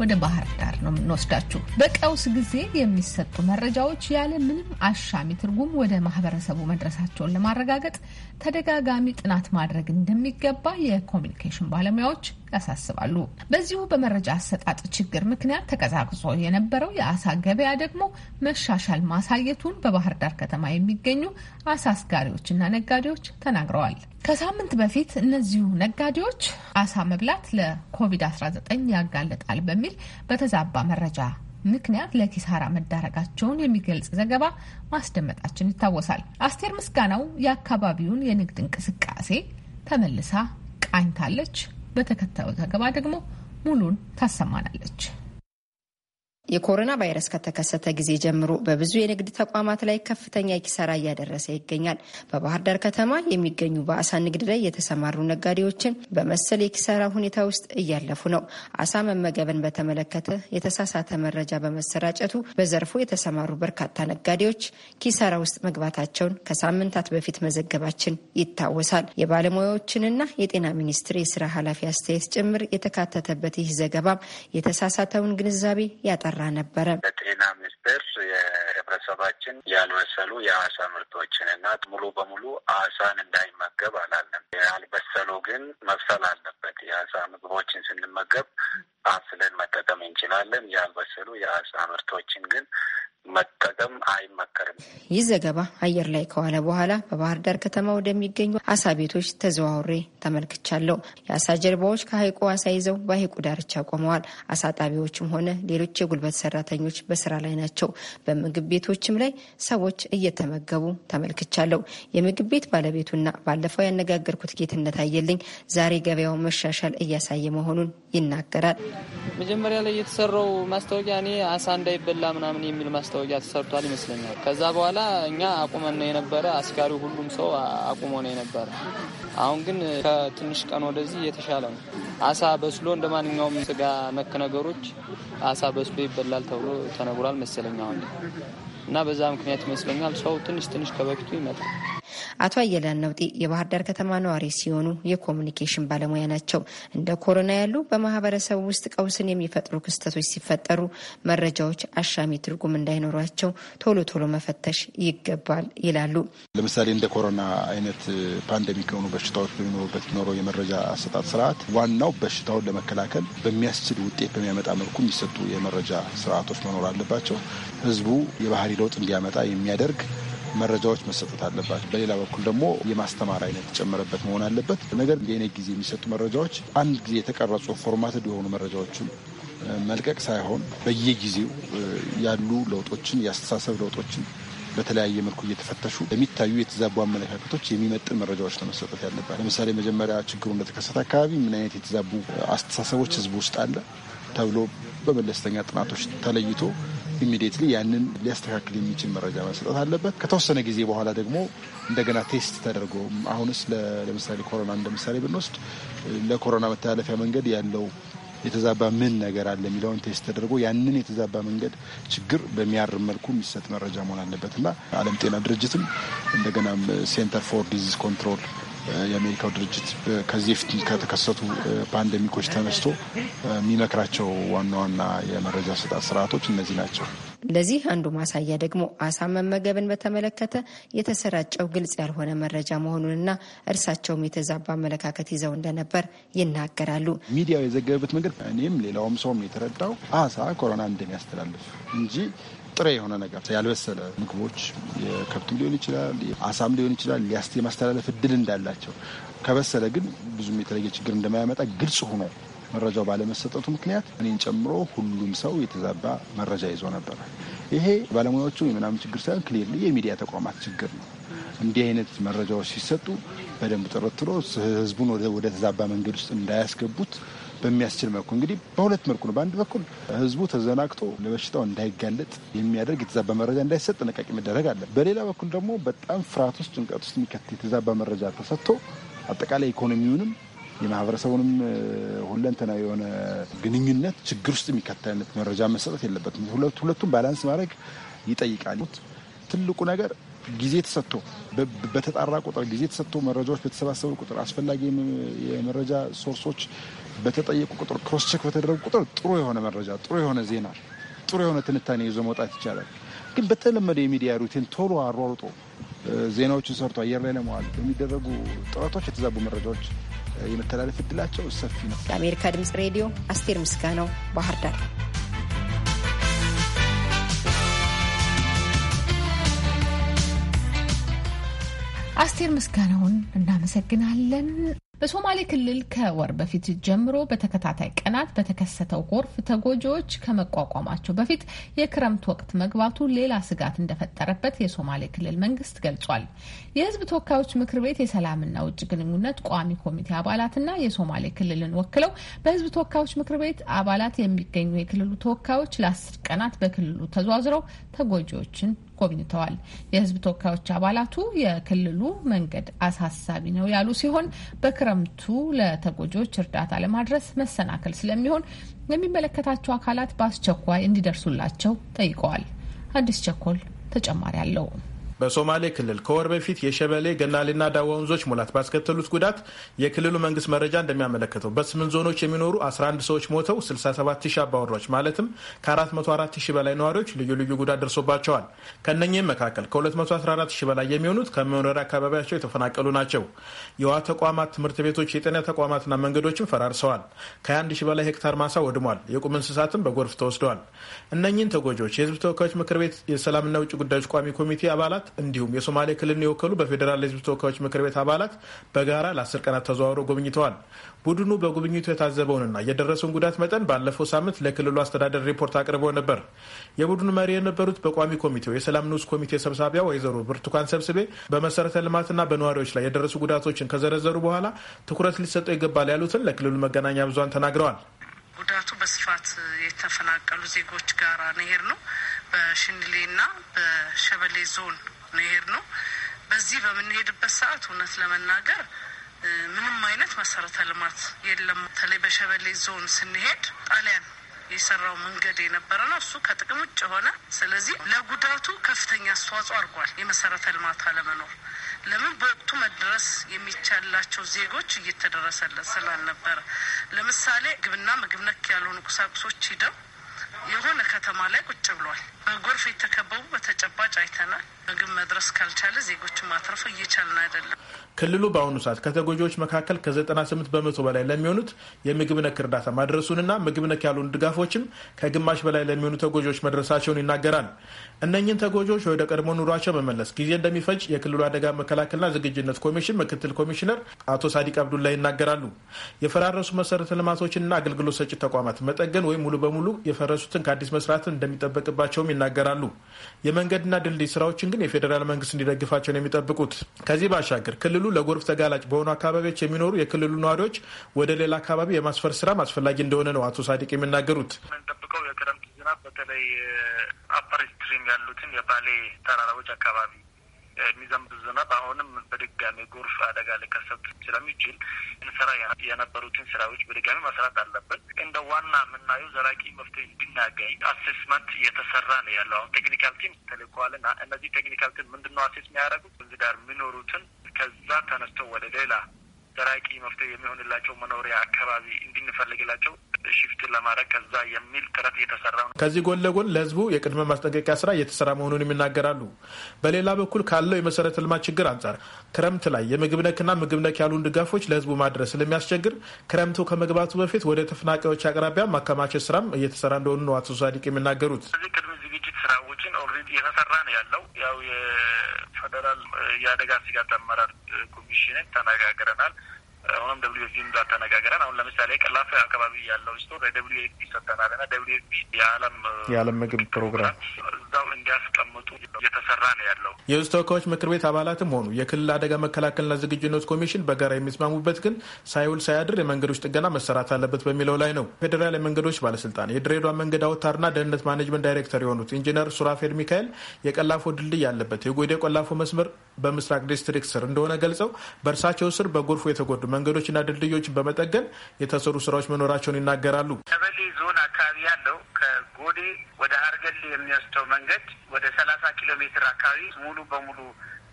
S1: ወደ ባህር ዳር ነው የምንወስዳችሁ። በቀውስ ጊዜ የሚሰጡ መረጃዎች ያለ ምንም አሻሚ ትርጉም ወደ ማህበረሰቡ መድረሳቸውን ለማረጋገጥ ተደጋጋሚ ጥናት ማድረግ እንደሚገባ የኮሚኒኬሽን ባለሙያዎች ያሳስባሉ። በዚሁ በመረጃ አሰጣጥ ችግር ምክንያት ተቀዛቅዞ የነበረው የአሳ ገበያ ደግሞ መሻሻል ማሳየቱን በባህር ዳር ከተማ የሚገኙ አሳ አስጋሪዎችና ነጋዴዎች ተናግረዋል። ከሳምንት በፊት እነዚሁ ነጋዴዎች አሳ መብላት ለኮቪድ-19 ያጋልጣል በሚል በተዛባ መረጃ ምክንያት ለኪሳራ መዳረጋቸውን የሚገልጽ ዘገባ ማስደመጣችን ይታወሳል። አስቴር ምስጋናው የአካባቢውን የንግድ እንቅስቃሴ ተመልሳ ቃኝታለች። በተከታዩ ዘገባ ደግሞ ሙሉን ታሰማናለች።
S2: የኮሮና ቫይረስ ከተከሰተ ጊዜ ጀምሮ በብዙ የንግድ ተቋማት ላይ ከፍተኛ ኪሳራ እያደረሰ ይገኛል። በባህር ዳር ከተማ የሚገኙ በአሳ ንግድ ላይ የተሰማሩ ነጋዴዎችን በመሰል የኪሳራ ሁኔታ ውስጥ እያለፉ ነው። አሳ መመገብን በተመለከተ የተሳሳተ መረጃ በመሰራጨቱ በዘርፉ የተሰማሩ በርካታ ነጋዴዎች ኪሳራ ውስጥ መግባታቸውን ከሳምንታት በፊት መዘገባችን ይታወሳል። የባለሙያዎችንና የጤና ሚኒስቴር የስራ ኃላፊ አስተያየት ጭምር የተካተተበት ይህ ዘገባም የተሳሳተውን ግንዛቤ ያጠራል። እየሰራ ነበረ። በጤና ሚኒስቴር የህብረተሰባችን ያልበሰሉ
S3: የአሳ ምርቶችን እና ሙሉ በሙሉ አሳን እንዳይመገብ አላለም። ያልበሰሉ ግን መብሰል አለበት። የአሳ ምግቦችን ስንመገብ አብስለን መጠቀም እንችላለን። ያልበሰሉ የአሳ ምርቶችን ግን መጠቀም አይመከርም።
S2: ይህ ዘገባ አየር ላይ ከዋለ በኋላ በባህር ዳር ከተማ ወደሚገኙ አሳ ቤቶች ተዘዋውሬ ተመልክቻለሁ። የአሳ ጀልባዎች ከሀይቁ አሳ ይዘው በሀይቁ ዳርቻ ቆመዋል። አሳ ጣቢዎችም ሆነ ሌሎች የጉልበት ሰራተኞች በስራ ላይ ናቸው። በምግብ ቤቶችም ላይ ሰዎች እየተመገቡ ተመልክቻለሁ። የምግብ ቤት ባለቤቱና ባለፈው ያነጋገርኩት ጌትነት አየልኝ ዛሬ ገበያው መሻሻል እያሳየ መሆኑን ይናገራል።
S12: መጀመሪያ ላይ
S7: የተሰራው ማስታወቂያ እኔ አሳ እንዳይበላ ምናምን የሚል ማስታወቂያ ተሰርቷል ይመስለኛል። ከዛ በኋላ እኛ አቁመን ነው የነበረ፣ አስጋሪ ሁሉም ሰው አቁሞ ነው የነበረ። አሁን ግን ከትንሽ ቀን ወደዚህ የተሻለ ነው። አሳ በስሎ እንደ ማንኛውም ስጋ ነክ ነገሮች
S10: አሳ በስሎ ይበላል ተብሎ ተነግሯል መሰለኛ እና በዛ ምክንያት ይመስለኛል ሰው ትንሽ ትንሽ ከበፊቱ ይመጣል።
S2: አቶ አየላን ነውጤ የባህር ዳር ከተማ ነዋሪ ሲሆኑ የኮሚኒኬሽን ባለሙያ ናቸው። እንደ ኮሮና ያሉ በማህበረሰብ ውስጥ ቀውስን የሚፈጥሩ ክስተቶች ሲፈጠሩ መረጃዎች አሻሚ ትርጉም እንዳይኖሯቸው ቶሎ ቶሎ መፈተሽ ይገባል ይላሉ።
S13: ለምሳሌ እንደ ኮሮና አይነት ፓንደሚክ የሆኑ በሽታዎች በሚኖሩበት ኖሮ የመረጃ አሰጣጥ ስርዓት ዋናው በሽታውን ለመከላከል በሚያስችል ውጤት በሚያመጣ መልኩ የሚሰጡ የመረጃ ስርዓቶች መኖር አለባቸው። ህዝቡ የባህሪ ለውጥ እንዲያመጣ የሚያደርግ መረጃዎች መሰጠት አለባቸው። በሌላ በኩል ደግሞ የማስተማር አይነት የተጨመረበት መሆን አለበት። ነገር የእኔ ጊዜ የሚሰጡ መረጃዎች አንድ ጊዜ የተቀረጹ ፎርማትድ የሆኑ መረጃዎችን መልቀቅ ሳይሆን በየጊዜው ያሉ ለውጦችን የአስተሳሰብ ለውጦችን በተለያየ መልኩ እየተፈተሹ የሚታዩ የተዛቡ አመለካከቶች የሚመጥን መረጃዎች ነው መሰጠት ያለባት። ለምሳሌ መጀመሪያ ችግሩ እንደተከሰተ አካባቢ ምን አይነት የተዛቡ አስተሳሰቦች ህዝብ ውስጥ አለ ተብሎ በመለስተኛ ጥናቶች ተለይቶ ኢሚዲየትሊ ያንን ሊያስተካክል የሚችል መረጃ መስጠት አለበት። ከተወሰነ ጊዜ በኋላ ደግሞ እንደገና ቴስት ተደርጎ አሁንስ ለምሳሌ ኮሮና እንደምሳሌ ብንወስድ ለኮሮና መተላለፊያ መንገድ ያለው የተዛባ ምን ነገር አለ የሚለውን ቴስት ተደርጎ ያንን የተዛባ መንገድ ችግር በሚያርም መልኩ የሚሰጥ መረጃ መሆን አለበት እና ዓለም ጤና ድርጅትም እንደገናም ሴንተር ፎር ዲዚዝ ኮንትሮል የአሜሪካው ድርጅት ከዚህ በፊት ከተከሰቱ ፓንደሚኮች ተነስቶ የሚመክራቸው ዋና ዋና የመረጃ አሰጣጥ ስርዓቶች እነዚህ ናቸው።
S2: ለዚህ አንዱ ማሳያ ደግሞ አሳ መመገብን በተመለከተ የተሰራጨው ግልጽ ያልሆነ መረጃ መሆኑንና እርሳቸውም የተዛባ አመለካከት ይዘው እንደነበር ይናገራሉ።
S13: ሚዲያው የዘገበበት መንገድ እኔም ሌላውም ሰውም የተረዳው አሳ ኮሮና እንደሚያስተላልፍ እንጂ ጥሬ የሆነ ነገር ያልበሰለ ምግቦች የከብትም ሊሆን ይችላል፣ አሳም ሊሆን ይችላል ሊያስ የማስተላለፍ እድል እንዳላቸው ከበሰለ ግን ብዙም የተለየ ችግር እንደማያመጣ ግልጽ ሆኖ መረጃው ባለመሰጠቱ ምክንያት እኔን ጨምሮ ሁሉም ሰው የተዛባ መረጃ ይዞ ነበር። ይሄ ባለሙያዎቹ የምናምን ችግር ሳይሆን ክሊርሊ የሚዲያ ተቋማት ችግር ነው። እንዲህ አይነት መረጃዎች ሲሰጡ በደንብ ተረትሮ ህዝቡን ወደ ተዛባ መንገድ ውስጥ እንዳያስገቡት በሚያስችል መልኩ እንግዲህ በሁለት መልኩ ነው። በአንድ በኩል ህዝቡ ተዘናግቶ ለበሽታው እንዳይጋለጥ የሚያደርግ የተዛባ መረጃ እንዳይሰጥ ጥንቃቄ መደረግ አለ። በሌላ በኩል ደግሞ በጣም ፍርሃት ውስጥ፣ ጭንቀት ውስጥ የሚከት የተዛባ መረጃ ተሰጥቶ አጠቃላይ ኢኮኖሚውንም የማህበረሰቡንም ሁለንተና የሆነ ግንኙነት ችግር ውስጥ አይነት መረጃ መሰጠት የለበትም። ሁለቱም ባላንስ ማድረግ ይጠይቃል። ትልቁ ነገር ጊዜ ተሰጥቶ በተጣራ ቁጥር ጊዜ ተሰጥቶ መረጃዎች በተሰባሰቡ ቁጥር አስፈላጊ የመረጃ ሶርሶች በተጠየቁ ቁጥር ቼክ በተደረጉ ቁጥር ጥሩ የሆነ መረጃ፣ ጥሩ የሆነ ዜና፣ ጥሩ የሆነ ትንታኔ ይዞ መውጣት ይቻላል። ግን በተለመደ የሚዲያ ሩቲን ቶሎ አሯሩጦ ዜናዎችን ሰርቶ አየር ላይ ለመዋል በሚደረጉ ጥረቶች የተዛቡ መረጃዎች የመተላለፍ እድላቸው ሰፊ ነው።
S2: ለአሜሪካ ድምጽ ሬዲዮ አስቴር ምስጋናው ባህር ዳር።
S1: አስቴር ምስጋናውን እናመሰግናለን። በሶማሌ ክልል ከወር በፊት ጀምሮ በተከታታይ ቀናት በተከሰተው ጎርፍ ተጎጂዎች ከመቋቋማቸው በፊት የክረምት ወቅት መግባቱ ሌላ ስጋት እንደፈጠረበት የሶማሌ ክልል መንግስት ገልጿል። የህዝብ ተወካዮች ምክር ቤት የሰላምና ውጭ ግንኙነት ቋሚ ኮሚቴ አባላትና የሶማሌ ክልልን ወክለው በህዝብ ተወካዮች ምክር ቤት አባላት የሚገኙ የክልሉ ተወካዮች ለአስር ቀናት በክልሉ ተዟዝረው ተጎጂዎችን ጎብኝተዋል። የህዝብ ተወካዮች አባላቱ የክልሉ መንገድ አሳሳቢ ነው ያሉ ሲሆን በክረምቱ ለተጎጂዎች እርዳታ ለማድረስ መሰናክል ስለሚሆን የሚመለከታቸው አካላት በአስቸኳይ እንዲደርሱላቸው ጠይቀዋል። አዲስ ቸኮል ተጨማሪ አለው።
S14: በሶማሌ ክልል ከወር በፊት የሸበሌ ገናሌና ዳዋ ወንዞች ሙላት ባስከተሉት ጉዳት የክልሉ መንግስት መረጃ እንደሚያመለክተው በስምንት ዞኖች የሚኖሩ 11 ሰዎች ሞተው 67 ሺህ አባወራዎች ማለትም ከ404 ሺህ በላይ ነዋሪዎች ልዩ ልዩ ጉዳት ደርሶባቸዋል። ከነኚህም መካከል ከ214 ሺህ በላይ የሚሆኑት ከመኖሪያ አካባቢያቸው የተፈናቀሉ ናቸው። የውሃ ተቋማት፣ ትምህርት ቤቶች፣ የጤና ተቋማትና መንገዶችም ፈራርሰዋል። ከ1 ሺህ በላይ ሄክታር ማሳ ወድሟል። የቁም እንስሳትም በጎርፍ ተወስደዋል። እነኚህን ተጎጂዎች የህዝብ ተወካዮች ምክር ቤት የሰላምና ውጭ ጉዳዮች ቋሚ ኮሚቴ አባላት እንዲሁም የሶማሌ ክልልን የወከሉ በፌዴራል ህዝብ ተወካዮች ምክር ቤት አባላት በጋራ ለአስር ቀናት ተዘዋውረው ጎብኝተዋል። ቡድኑ በጉብኝቱ የታዘበውንና የደረሰውን ጉዳት መጠን ባለፈው ሳምንት ለክልሉ አስተዳደር ሪፖርት አቅርበው ነበር። የቡድኑ መሪ የነበሩት በቋሚ ኮሚቴው የሰላም ንዑስ ኮሚቴ ሰብሳቢያ ወይዘሮ ብርቱካን ሰብስቤ በመሰረተ ልማትና በነዋሪዎች ላይ የደረሱ ጉዳቶችን ከዘረዘሩ በኋላ ትኩረት ሊሰጠው ይገባል ያሉትን ለክልሉ መገናኛ ብዙሃን ተናግረዋል።
S1: ጉዳቱ በስፋት የተፈናቀሉ ዜጎች ጋር ነሄር ነው። በሽንሌና በሸበሌ ዞን ነው የሄድ ነው። በዚህ በምንሄድበት ሰዓት እውነት ለመናገር ምንም አይነት መሰረተ ልማት የለም። በተለይ በሸበሌ ዞን ስንሄድ ጣሊያን የሰራው መንገድ የነበረ ነው። እሱ ከጥቅም ውጭ ሆነ። ስለዚህ ለጉዳቱ ከፍተኛ አስተዋጽኦ አድርጓል የመሰረተ ልማት አለመኖር። ለምን በወቅቱ መድረስ የሚቻላቸው ዜጎች እየተደረሰለት ስላልነበረ፣ ለምሳሌ ምግብና ምግብ ነክ ያልሆኑ ቁሳቁሶች ሂደው የሆነ ከተማ ላይ ቁጭ ብሏል። በጎርፍ የተከበቡ በተጨባጭ አይተናል። ምግብ መድረስ
S12: ካልቻለ ዜጎችን ማትረፍ እየቻልን አይደለም።
S14: ክልሉ በአሁኑ ሰዓት ከተጎጂዎች መካከል ከ98 በመቶ በላይ ለሚሆኑት የምግብ ነክ እርዳታ ማድረሱንና ምግብ ነክ ያሉን ድጋፎችም ከግማሽ በላይ ለሚሆኑ ተጎጂዎች መድረሳቸውን ይናገራል። እነኝን ተጎጂዎች ወደ ቀድሞ ኑሯቸው መመለስ ጊዜ እንደሚፈጅ የክልሉ አደጋ መከላከልና ዝግጅነት ኮሚሽን ምክትል ኮሚሽነር አቶ ሳዲቅ አብዱላ ይናገራሉ። የፈራረሱ መሰረተ ልማቶችንና አገልግሎት ሰጪ ተቋማት መጠገን ወይም ሙሉ በሙሉ የፈረሱትን ከአዲስ መስራትን እንደሚጠበቅባቸውም ይናገራሉ። የመንገድና ድልድይ ስራዎችን ግን የፌዴራል መንግስት እንዲደግፋቸው ነው የሚጠብቁት። ከዚህ ባሻገር ክልሉ ለጎርፍ ተጋላጭ በሆኑ አካባቢዎች የሚኖሩ የክልሉ ነዋሪዎች ወደ ሌላ አካባቢ የማስፈር ስራም አስፈላጊ እንደሆነ ነው አቶ ሳዲቅ የሚናገሩት። የክረምት ዝናብ በተለይ አፐር
S3: ስትሪም ያሉትን የባሌ ተራራዎች አካባቢ የሚዘንብ ዝናብ አሁንም በድጋሚ ጎርፍ አደጋ ሊከሰት ስለሚችል እንሰራ የነበሩትን ስራዎች በድጋሚ መስራት አለብን። እንደ ዋና የምናየው ዘላቂ መፍትሄ እንድናገኝ አሴስመንት እየተሰራ ነው ያለው። አሁን ቴክኒካል ቲም ተልኳልና እነዚህ ቴክኒካል ቲም ምንድነው አሴስ የሚያደርጉት እዚህ ጋር የሚኖሩትን ከዛ ተነስቶ ወደ ሌላ ዘላቂ መፍትሄ
S10: የሚሆንላቸው መኖሪያ አካባቢ እንድንፈልግላቸው ሽፍት ለማድረግ ከዛ የሚል ጥረት እየተሰራ
S14: ነው። ከዚህ ጎን ለጎን ለህዝቡ የቅድመ ማስጠንቀቂያ ስራ እየተሰራ መሆኑን ይናገራሉ። በሌላ በኩል ካለው የመሰረተ ልማት ችግር አንጻር ክረምት ላይ የምግብ ነክና ምግብ ነክ ያሉን ድጋፎች ለህዝቡ ማድረስ ስለሚያስቸግር ክረምቱ ከመግባቱ በፊት ወደ ተፈናቃዮች አቅራቢያ ማከማቸት ስራም እየተሰራ እንደሆኑ ነው አቶ ሳዲቅ የሚናገሩት። እዚህ ቅድመ ዝግጅት ስራዎችን ኦልሬዲ እየተሰራ ነው ያለው ያው የፌደራል
S3: የአደጋ ስጋት አመራር ኮሚሽንን ተነጋግረናል። ሆኖም ደብሊዩ ኤፍ ፒ ጋር ተነጋግረን አሁን ለምሳሌ ቀላፍ አካባቢ ያለው
S14: ስቶር ደብሊዩ ኤፍ ፒ ሰጥተናል ና ደብሊዩ ኤፍ ፒ የዓለም የዓለም ምግብ ፕሮግራም እዛው እንዲያስቀምጡ እየተሰራ ነው ያለው። የህዝብ ተወካዮች ምክር ቤት አባላትም ሆኑ የክልል አደጋ መከላከልና ዝግጁነት ኮሚሽን በጋራ የሚስማሙበት ግን ሳይውል ሳያድር የመንገዶች ጥገና መሰራት አለበት በሚለው ላይ ነው። ፌዴራል የመንገዶች ባለስልጣን የድሬዳዋ መንገድ አውታርና ደህንነት ማኔጅመንት ዳይሬክተር የሆኑት ኢንጂነር ሱራፌል ሚካኤል የቀላፎ ድልድይ ያለበት የጎዴ ቆላፎ መስመር በምስራቅ ዲስትሪክት ስር እንደሆነ ገልጸው በእርሳቸው ስር በጎርፎ የተጎዱ መንገዶችና ድልድዮችን በመጠገን የተሰሩ ስራዎች መኖራቸውን ይናገራሉ። ቀበሌ ዞን አካባቢ
S3: ያለው ከቦሌ ወደ ሀርገሌ የሚወስደው መንገድ ወደ ሰላሳ ኪሎ ሜትር አካባቢ ሙሉ በሙሉ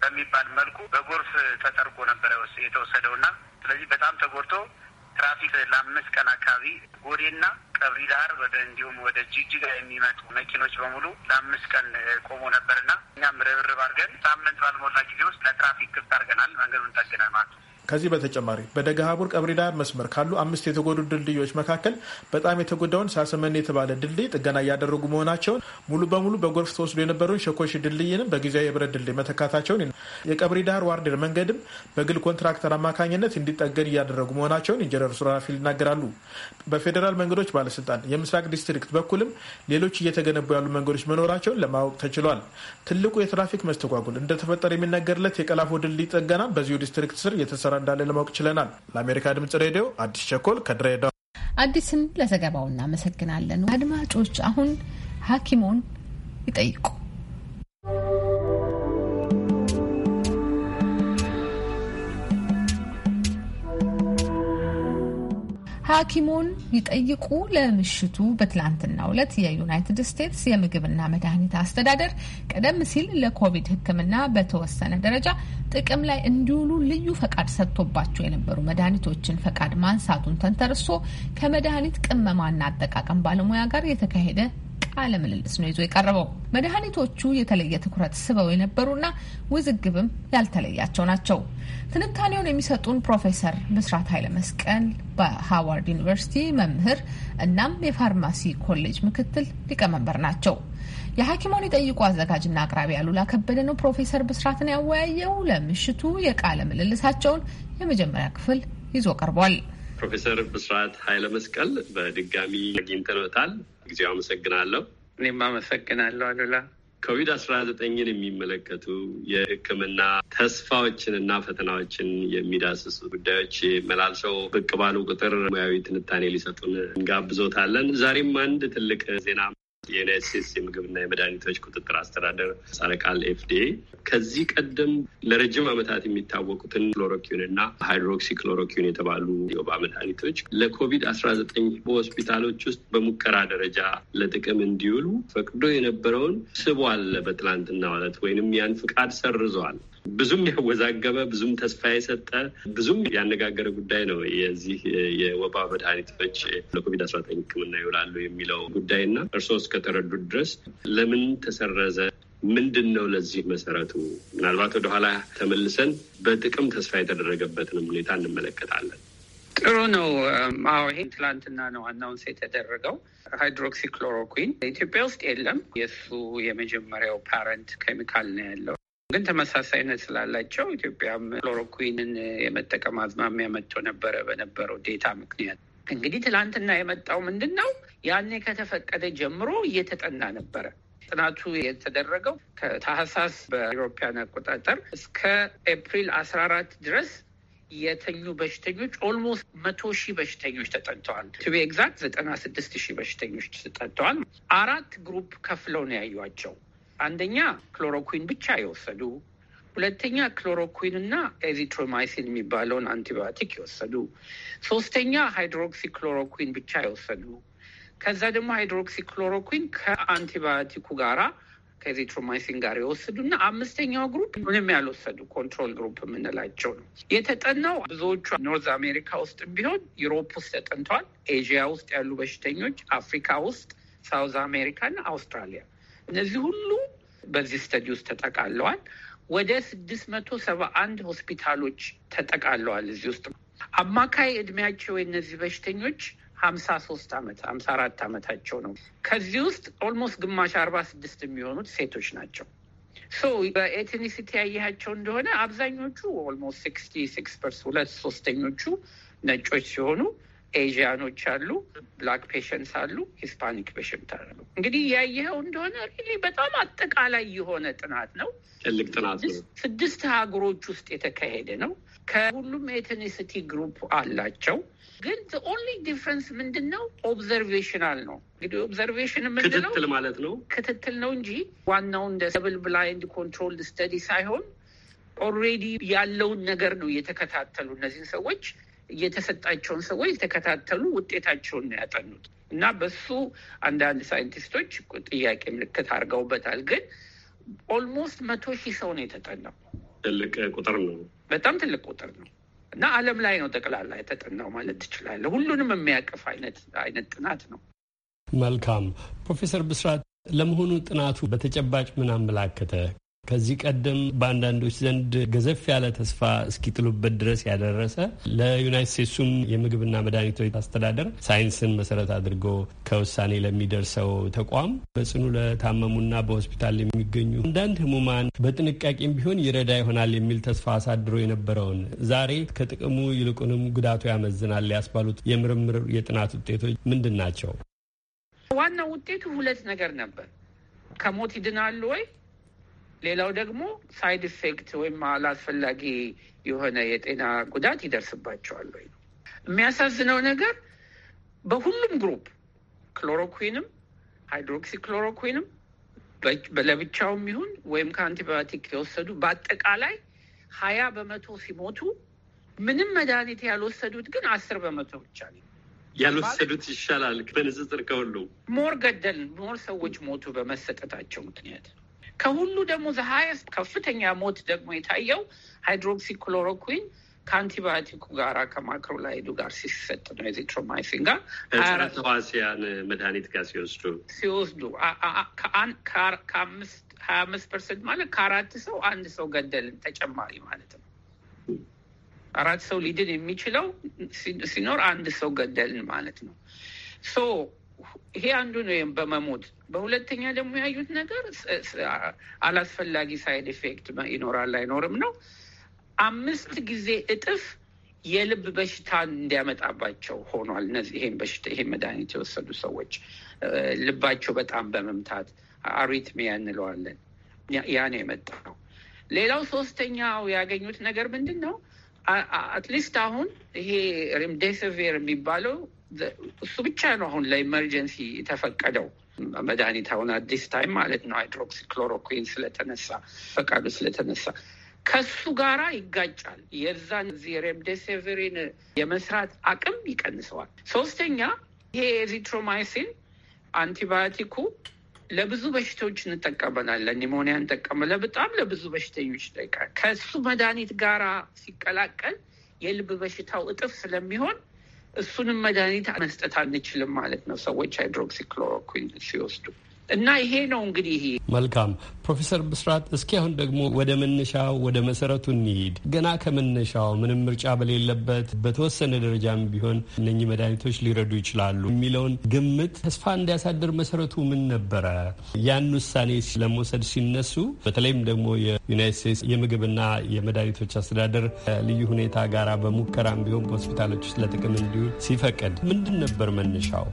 S12: በሚባል መልኩ በጎርፍ ተጠርጎ ነበረ የተወሰደው እና ስለዚህ በጣም ተጎድቶ ትራፊክ ለአምስት ቀን አካባቢ ጎዴና ቀብሪ ዳር ወደ እንዲሁም ወደ ጅጅጋ የሚመጡ መኪኖች በሙሉ ለአምስት ቀን ቆሞ ነበርና እኛም ርብርብ አድርገን ሳምንት
S3: ባልሞላ ጊዜ ውስጥ ለትራፊክ ክፍት
S14: አድርገናል። መንገዱን ጠግነን ማለት ከዚህ በተጨማሪ በደገሃቡር ቀብሪ መስመር ካሉ አምስት የተጎዱ ድልድዮች መካከል በጣም የተጎዳውን ሳሰመን የተባለ ድልድይ ጥገና እያደረጉ መሆናቸውን፣ ሙሉ በሙሉ በጎርፍ ተወስዶ የነበረውን ሸኮሽ ድልድይንም በጊዜያዊ የብረት ድልድይ መተካታቸውን፣ የቀብሪ ዳህር ዋርድር መንገድም በግል ኮንትራክተር አማካኝነት እንዲጠገን እያደረጉ መሆናቸውን ኢንጂነር ሱራፊል ይናገራሉ። በፌዴራል መንገዶች ባለስልጣን የምስራቅ ዲስትሪክት በኩልም ሌሎች እየተገነቡ ያሉ መንገዶች መኖራቸውን ለማወቅ ተችሏል። ትልቁ የትራፊክ መስተጓጉል እንደተፈጠረ የሚነገርለት የቀላፎ ድልድይ ጥገና በዚሁ ዲስትሪክት ስር የተሰራ እየተሰራ እንዳለ ለማወቅ ችለናል። ለአሜሪካ ድምጽ ሬዲዮ አዲስ ቸኮል ከድሬዳዋ።
S1: አዲስን ለዘገባው እናመሰግናለን። አድማጮች አሁን ሀኪሙን ይጠይቁ። ሐኪሙን ይጠይቁ ለምሽቱ በትላንትና ዕለት የዩናይትድ ስቴትስ የምግብና መድኃኒት አስተዳደር ቀደም ሲል ለኮቪድ ሕክምና በተወሰነ ደረጃ ጥቅም ላይ እንዲውሉ ልዩ ፈቃድ ሰጥቶባቸው የነበሩ መድኃኒቶችን ፈቃድ ማንሳቱን ተንተርሶ ከመድኃኒት ቅመማና አጠቃቀም ባለሙያ ጋር የተካሄደ ቃለ ምልልስ ነው ይዞ የቀረበው። መድኃኒቶቹ የተለየ ትኩረት ስበው የነበሩና ውዝግብም ያልተለያቸው ናቸው። ትንታኔውን የሚሰጡን ፕሮፌሰር ብስራት ኃይለ መስቀል በሃዋርድ ዩኒቨርሲቲ መምህር እናም የፋርማሲ ኮሌጅ ምክትል ሊቀመንበር ናቸው። የሐኪሞን የጠይቁ አዘጋጅና አቅራቢ አሉላ ከበደ ነው ፕሮፌሰር ብስራትን ያወያየው። ለምሽቱ የቃለ ምልልሳቸውን የመጀመሪያ ክፍል ይዞ ቀርቧል።
S15: ፕሮፌሰር ብስራት ኃይለ መስቀል በድጋሚ አግኝተንታል። ጊዜው አመሰግናለሁ። እኔም አመሰግናለሁ አሉላ። ኮቪድ አስራ ዘጠኝን የሚመለከቱ የሕክምና ተስፋዎችን እና ፈተናዎችን የሚዳስሱ ጉዳዮች መላልሰው ብቅ ባሉ ቁጥር ሙያዊ ትንታኔ ሊሰጡን እንጋብዞታለን። ዛሬም አንድ ትልቅ ዜና የዩናይት ስቴትስ የምግብና የመድኃኒቶች ቁጥጥር አስተዳደር ሳለቃል ኤፍዲኤ ከዚህ ቀደም ለረጅም ዓመታት የሚታወቁትን ክሎሮኪን እና ሃይድሮክሲ ክሎሮኪን የተባሉ የወባ መድኃኒቶች ለኮቪድ አስራ ዘጠኝ በሆስፒታሎች ውስጥ በሙከራ ደረጃ ለጥቅም እንዲውሉ ፈቅዶ የነበረውን ስቧል። በትላንትና ዕለት ወይንም ያን ፍቃድ ሰርዘዋል። ብዙም ያወዛገበ ብዙም ተስፋ የሰጠ ብዙም ያነጋገረ ጉዳይ ነው። የዚህ የወባ መድኃኒቶች ለኮቪድ አስራ ዘጠኝ ሕክምና ይውላሉ የሚለው ጉዳይ እና እርስዎ እስከተረዱት ድረስ ለምን ተሰረዘ? ምንድን ነው ለዚህ መሰረቱ? ምናልባት ወደኋላ ተመልሰን በጥቅም ተስፋ የተደረገበትንም ሁኔታ እንመለከታለን።
S12: ጥሩ ነው። አዎ ይሄ ትላንትና ነው አናውንስ የተደረገው። ሃይድሮክሲክሎሮኩዊን ኢትዮጵያ ውስጥ የለም። የእሱ የመጀመሪያው ፓረንት ኬሚካል ነው ያለው ግን ተመሳሳይነት ስላላቸው ኢትዮጵያም ክሎሮኩዊንን የመጠቀም አዝማሚያ መጥቶ ነበረ በነበረው ዴታ ምክንያት። እንግዲህ ትላንትና የመጣው ምንድን ነው? ያኔ ከተፈቀደ ጀምሮ እየተጠና ነበረ። ጥናቱ የተደረገው ከታህሳስ በኢሮፓያን አቆጣጠር እስከ ኤፕሪል አስራ አራት ድረስ የተኙ በሽተኞች ኦልሞስት መቶ ሺህ በሽተኞች ተጠንተዋል። ቱቢ ኤግዛክት ዘጠና ስድስት ሺህ በሽተኞች ተጠንተዋል። አራት ግሩፕ ከፍለው ነው ያዩቸው። አንደኛ ክሎሮኩዊን ብቻ የወሰዱ፣ ሁለተኛ ክሎሮኩዊን እና ኤዚትሮማይሲን የሚባለውን አንቲባዮቲክ የወሰዱ፣ ሶስተኛ ሃይድሮክሲ ክሎሮኩዊን ብቻ የወሰዱ ከዛ ደግሞ ሃይድሮክሲ ክሎሮኩዊን ከአንቲባዮቲኩ ጋራ ከዚትሮማይሲን ጋር የወሰዱ እና አምስተኛው ግሩፕ ምንም ያልወሰዱ ኮንትሮል ግሩፕ የምንላቸው ነው። የተጠናው ብዙዎቹ ኖርዝ አሜሪካ ውስጥ ቢሆን ዩሮፕ ውስጥ ተጠንተዋል። ኤዥያ ውስጥ ያሉ በሽተኞች፣ አፍሪካ ውስጥ፣ ሳውዝ አሜሪካ እና አውስትራሊያ እነዚህ ሁሉ በዚህ ስተዲ ውስጥ ተጠቃለዋል። ወደ ስድስት መቶ ሰባ አንድ ሆስፒታሎች ተጠቃለዋል። እዚህ ውስጥ አማካይ እድሜያቸው የእነዚህ በሽተኞች ሀምሳ ሶስት አመት ሀምሳ አራት አመታቸው ነው። ከዚህ ውስጥ ኦልሞስት ግማሽ አርባ ስድስት የሚሆኑት ሴቶች ናቸው። ሶ በኤትኒሲቲ ያየሃቸው እንደሆነ አብዛኞቹ ኦልሞስት ሲክስቲ ሲክስ ፐርስ ሁለት ሶስተኞቹ ነጮች ሲሆኑ ኤዥያኖች አሉ፣ ብላክ ፔሸንትስ አሉ፣ ሂስፓኒክ ፔሽንት አሉ። እንግዲህ ያየኸው እንደሆነ በጣም አጠቃላይ የሆነ ጥናት ነው። ትልቅ ጥናት ነው። ስድስት ሀገሮች ውስጥ የተካሄደ ነው። ከሁሉም ኤትኒሲቲ ግሩፕ አላቸው። ግን ኦንሊ ዲፍረንስ ምንድን ነው? ኦብዘርቬሽናል ነው። እንግዲህ ኦብዘርቬሽን ምንድን ነው? ክትትል ማለት ነው። ክትትል ነው እንጂ ዋናው እንደ ደብል ብላይንድ ኮንትሮል ስተዲ ሳይሆን ኦልሬዲ ያለውን ነገር ነው እየተከታተሉ እነዚህን ሰዎች የተሰጣቸውን ሰዎች የተከታተሉ ውጤታቸውን ነው ያጠኑት እና በሱ አንዳንድ ሳይንቲስቶች ጥያቄ ምልክት አድርገውበታል። ግን ኦልሞስት መቶ ሺህ ሰው ነው የተጠናው። ትልቅ ቁጥር ነው፣ በጣም ትልቅ ቁጥር ነው እና ዓለም ላይ ነው ጠቅላላ የተጠናው ማለት ትችላለህ። ሁሉንም የሚያቅፍ አይነት አይነት ጥናት ነው። መልካም ፕሮፌሰር
S15: ብስራት ለመሆኑ ጥናቱ በተጨባጭ ምን አመላከተ? ከዚህ ቀደም በአንዳንዶች ዘንድ ገዘፍ ያለ ተስፋ እስኪጥሉበት ድረስ ያደረሰ ለዩናይት ስቴትሱም የምግብና መድኃኒቶች አስተዳደር ሳይንስን መሰረት አድርጎ ከውሳኔ ለሚደርሰው ተቋም በጽኑ ለታመሙና በሆስፒታል የሚገኙ አንዳንድ ህሙማን በጥንቃቄም ቢሆን ይረዳ ይሆናል የሚል ተስፋ አሳድሮ የነበረውን ዛሬ ከጥቅሙ ይልቁንም ጉዳቱ ያመዝናል ያስባሉት የምርምር የጥናት ውጤቶች ምንድን ናቸው?
S12: ዋናው ውጤቱ ሁለት ነገር ነበር። ከሞት ይድናሉ ወይ ሌላው ደግሞ ሳይድ ኢፌክት ወይም አላስፈላጊ የሆነ የጤና ጉዳት ይደርስባቸዋል ወይ ነው። የሚያሳዝነው ነገር በሁሉም ግሩፕ ክሎሮኩዊንም ሃይድሮክሲ ክሎሮኩዊንም ለብቻውም ይሁን ወይም ከአንቲባዮቲክ የወሰዱ በአጠቃላይ ሀያ በመቶ ሲሞቱ ምንም መድኃኒት ያልወሰዱት ግን አስር በመቶ ብቻ ነው።
S15: ያልወሰዱት ይሻላል በንጽጽር ከሁሉ
S12: ሞር ገደል ሞር ሰዎች ሞቱ በመሰጠታቸው ምክንያት ከሁሉ ደግሞ ዘሀያስ ከፍተኛ ሞት ደግሞ የታየው ሃይድሮክሲክሎሮኩዊን ከአንቲባዮቲኩ ጋር ከማክሮላይዱ ጋር ሲሰጥ ነው። የዚትሮማይሲን ጋር ተዋሲያን መድኃኒት ጋር ሲወስዱ ሲወስዱ ከአምስት ሀያ አምስት ፐርሰንት ማለት ከአራት ሰው አንድ ሰው ገደልን ተጨማሪ ማለት ነው። አራት ሰው ሊድን የሚችለው ሲኖር አንድ ሰው ገደልን ማለት ነው ሶ ይሄ አንዱ ነው በመሞት በሁለተኛ ደግሞ ያዩት ነገር አላስፈላጊ ሳይድ ኢፌክት ይኖራል አይኖርም ነው አምስት ጊዜ እጥፍ የልብ በሽታ እንዲያመጣባቸው ሆኗል። እነዚህ ይሄን በሽታ ይሄን መድኃኒት የወሰዱ ሰዎች ልባቸው በጣም በመምታት አሪትሚያ እንለዋለን። ያ ነው የመጣው። ሌላው ሶስተኛው ያገኙት ነገር ምንድን ነው? አትሊስት አሁን ይሄ ሬምዴሲቪር የሚባለው እሱ ብቻ ነው አሁን ለኢመርጀንሲ የተፈቀደው መድኃኒት አሁን አዲስ ታይም ማለት ነው ሃይድሮክሲ ክሎሮኩዊን ስለተነሳ ፈቃዱ ስለተነሳ ከሱ ጋራ ይጋጫል። የዛን ሬምዴሲቪርን የመስራት አቅም ይቀንሰዋል። ሶስተኛ ይሄ ኤዚትሮማይሲን አንቲባዮቲኩ ለብዙ በሽታዎች እንጠቀመናለን። ኒሞኒያ እንጠቀመ ለበጣም ለብዙ በሽተኞች ይጠቃል። ከእሱ መድኃኒት ጋር ሲቀላቀል የልብ በሽታው እጥፍ ስለሚሆን እሱንም መድኃኒት መስጠት አንችልም ማለት ነው ሰዎች ሃይድሮክሲክሎሮኩዊን ሲወስዱ እና ይሄ ነው እንግዲህ
S15: መልካም ፕሮፌሰር ብስራት እስኪ አሁን ደግሞ ወደ መነሻው ወደ መሰረቱ እንሂድ። ገና ከመነሻው ምንም ምርጫ በሌለበት በተወሰነ ደረጃም ቢሆን እነኚህ መድኃኒቶች ሊረዱ ይችላሉ የሚለውን ግምት ተስፋ እንዲያሳድር መሰረቱ ምን ነበረ? ያን ውሳኔ ለመውሰድ ሲነሱ በተለይም ደግሞ የዩናይት ስቴትስ የምግብና የመድኃኒቶች አስተዳደር ልዩ ሁኔታ ጋራ በሙከራም ቢሆን በሆስፒታሎች ውስጥ ለጥቅም እንዲሁ ሲፈቅድ ምንድን ነበር መነሻው?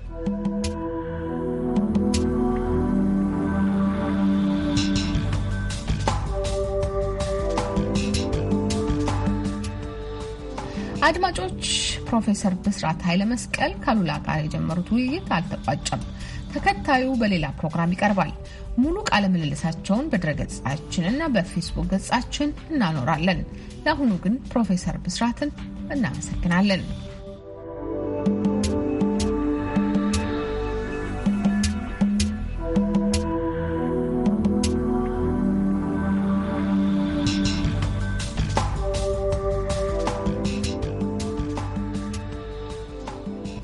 S1: አድማጮች፣ ፕሮፌሰር ብስራት ኃይለ መስቀል ካሉላ ጋር የጀመሩት ውይይት አልተቋጨም። ተከታዩ በሌላ ፕሮግራም ይቀርባል። ሙሉ ቃለ ምልልሳቸውን እና በፌስቡክ ገጻችን እናኖራለን። ለአሁኑ ግን ፕሮፌሰር ብስራትን እናመሰግናለን።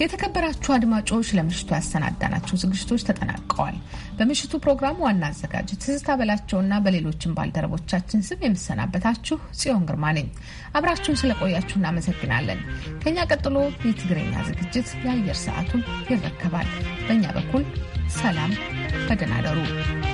S1: የተከበራችሁ አድማጮች ለምሽቱ ያሰናዳናቸው ዝግጅቶች ተጠናቀዋል። በምሽቱ ፕሮግራም ዋና አዘጋጅ ትዝታ በላቸውና በሌሎችም ባልደረቦቻችን ስም የምሰናበታችሁ ጽዮን ግርማ ነኝ። አብራችሁን ስለቆያችሁ እናመሰግናለን። ከእኛ ቀጥሎ የትግርኛ ዝግጅት የአየር ሰዓቱን ይረከባል። በእኛ በኩል ሰላም፣ በደህና እደሩ።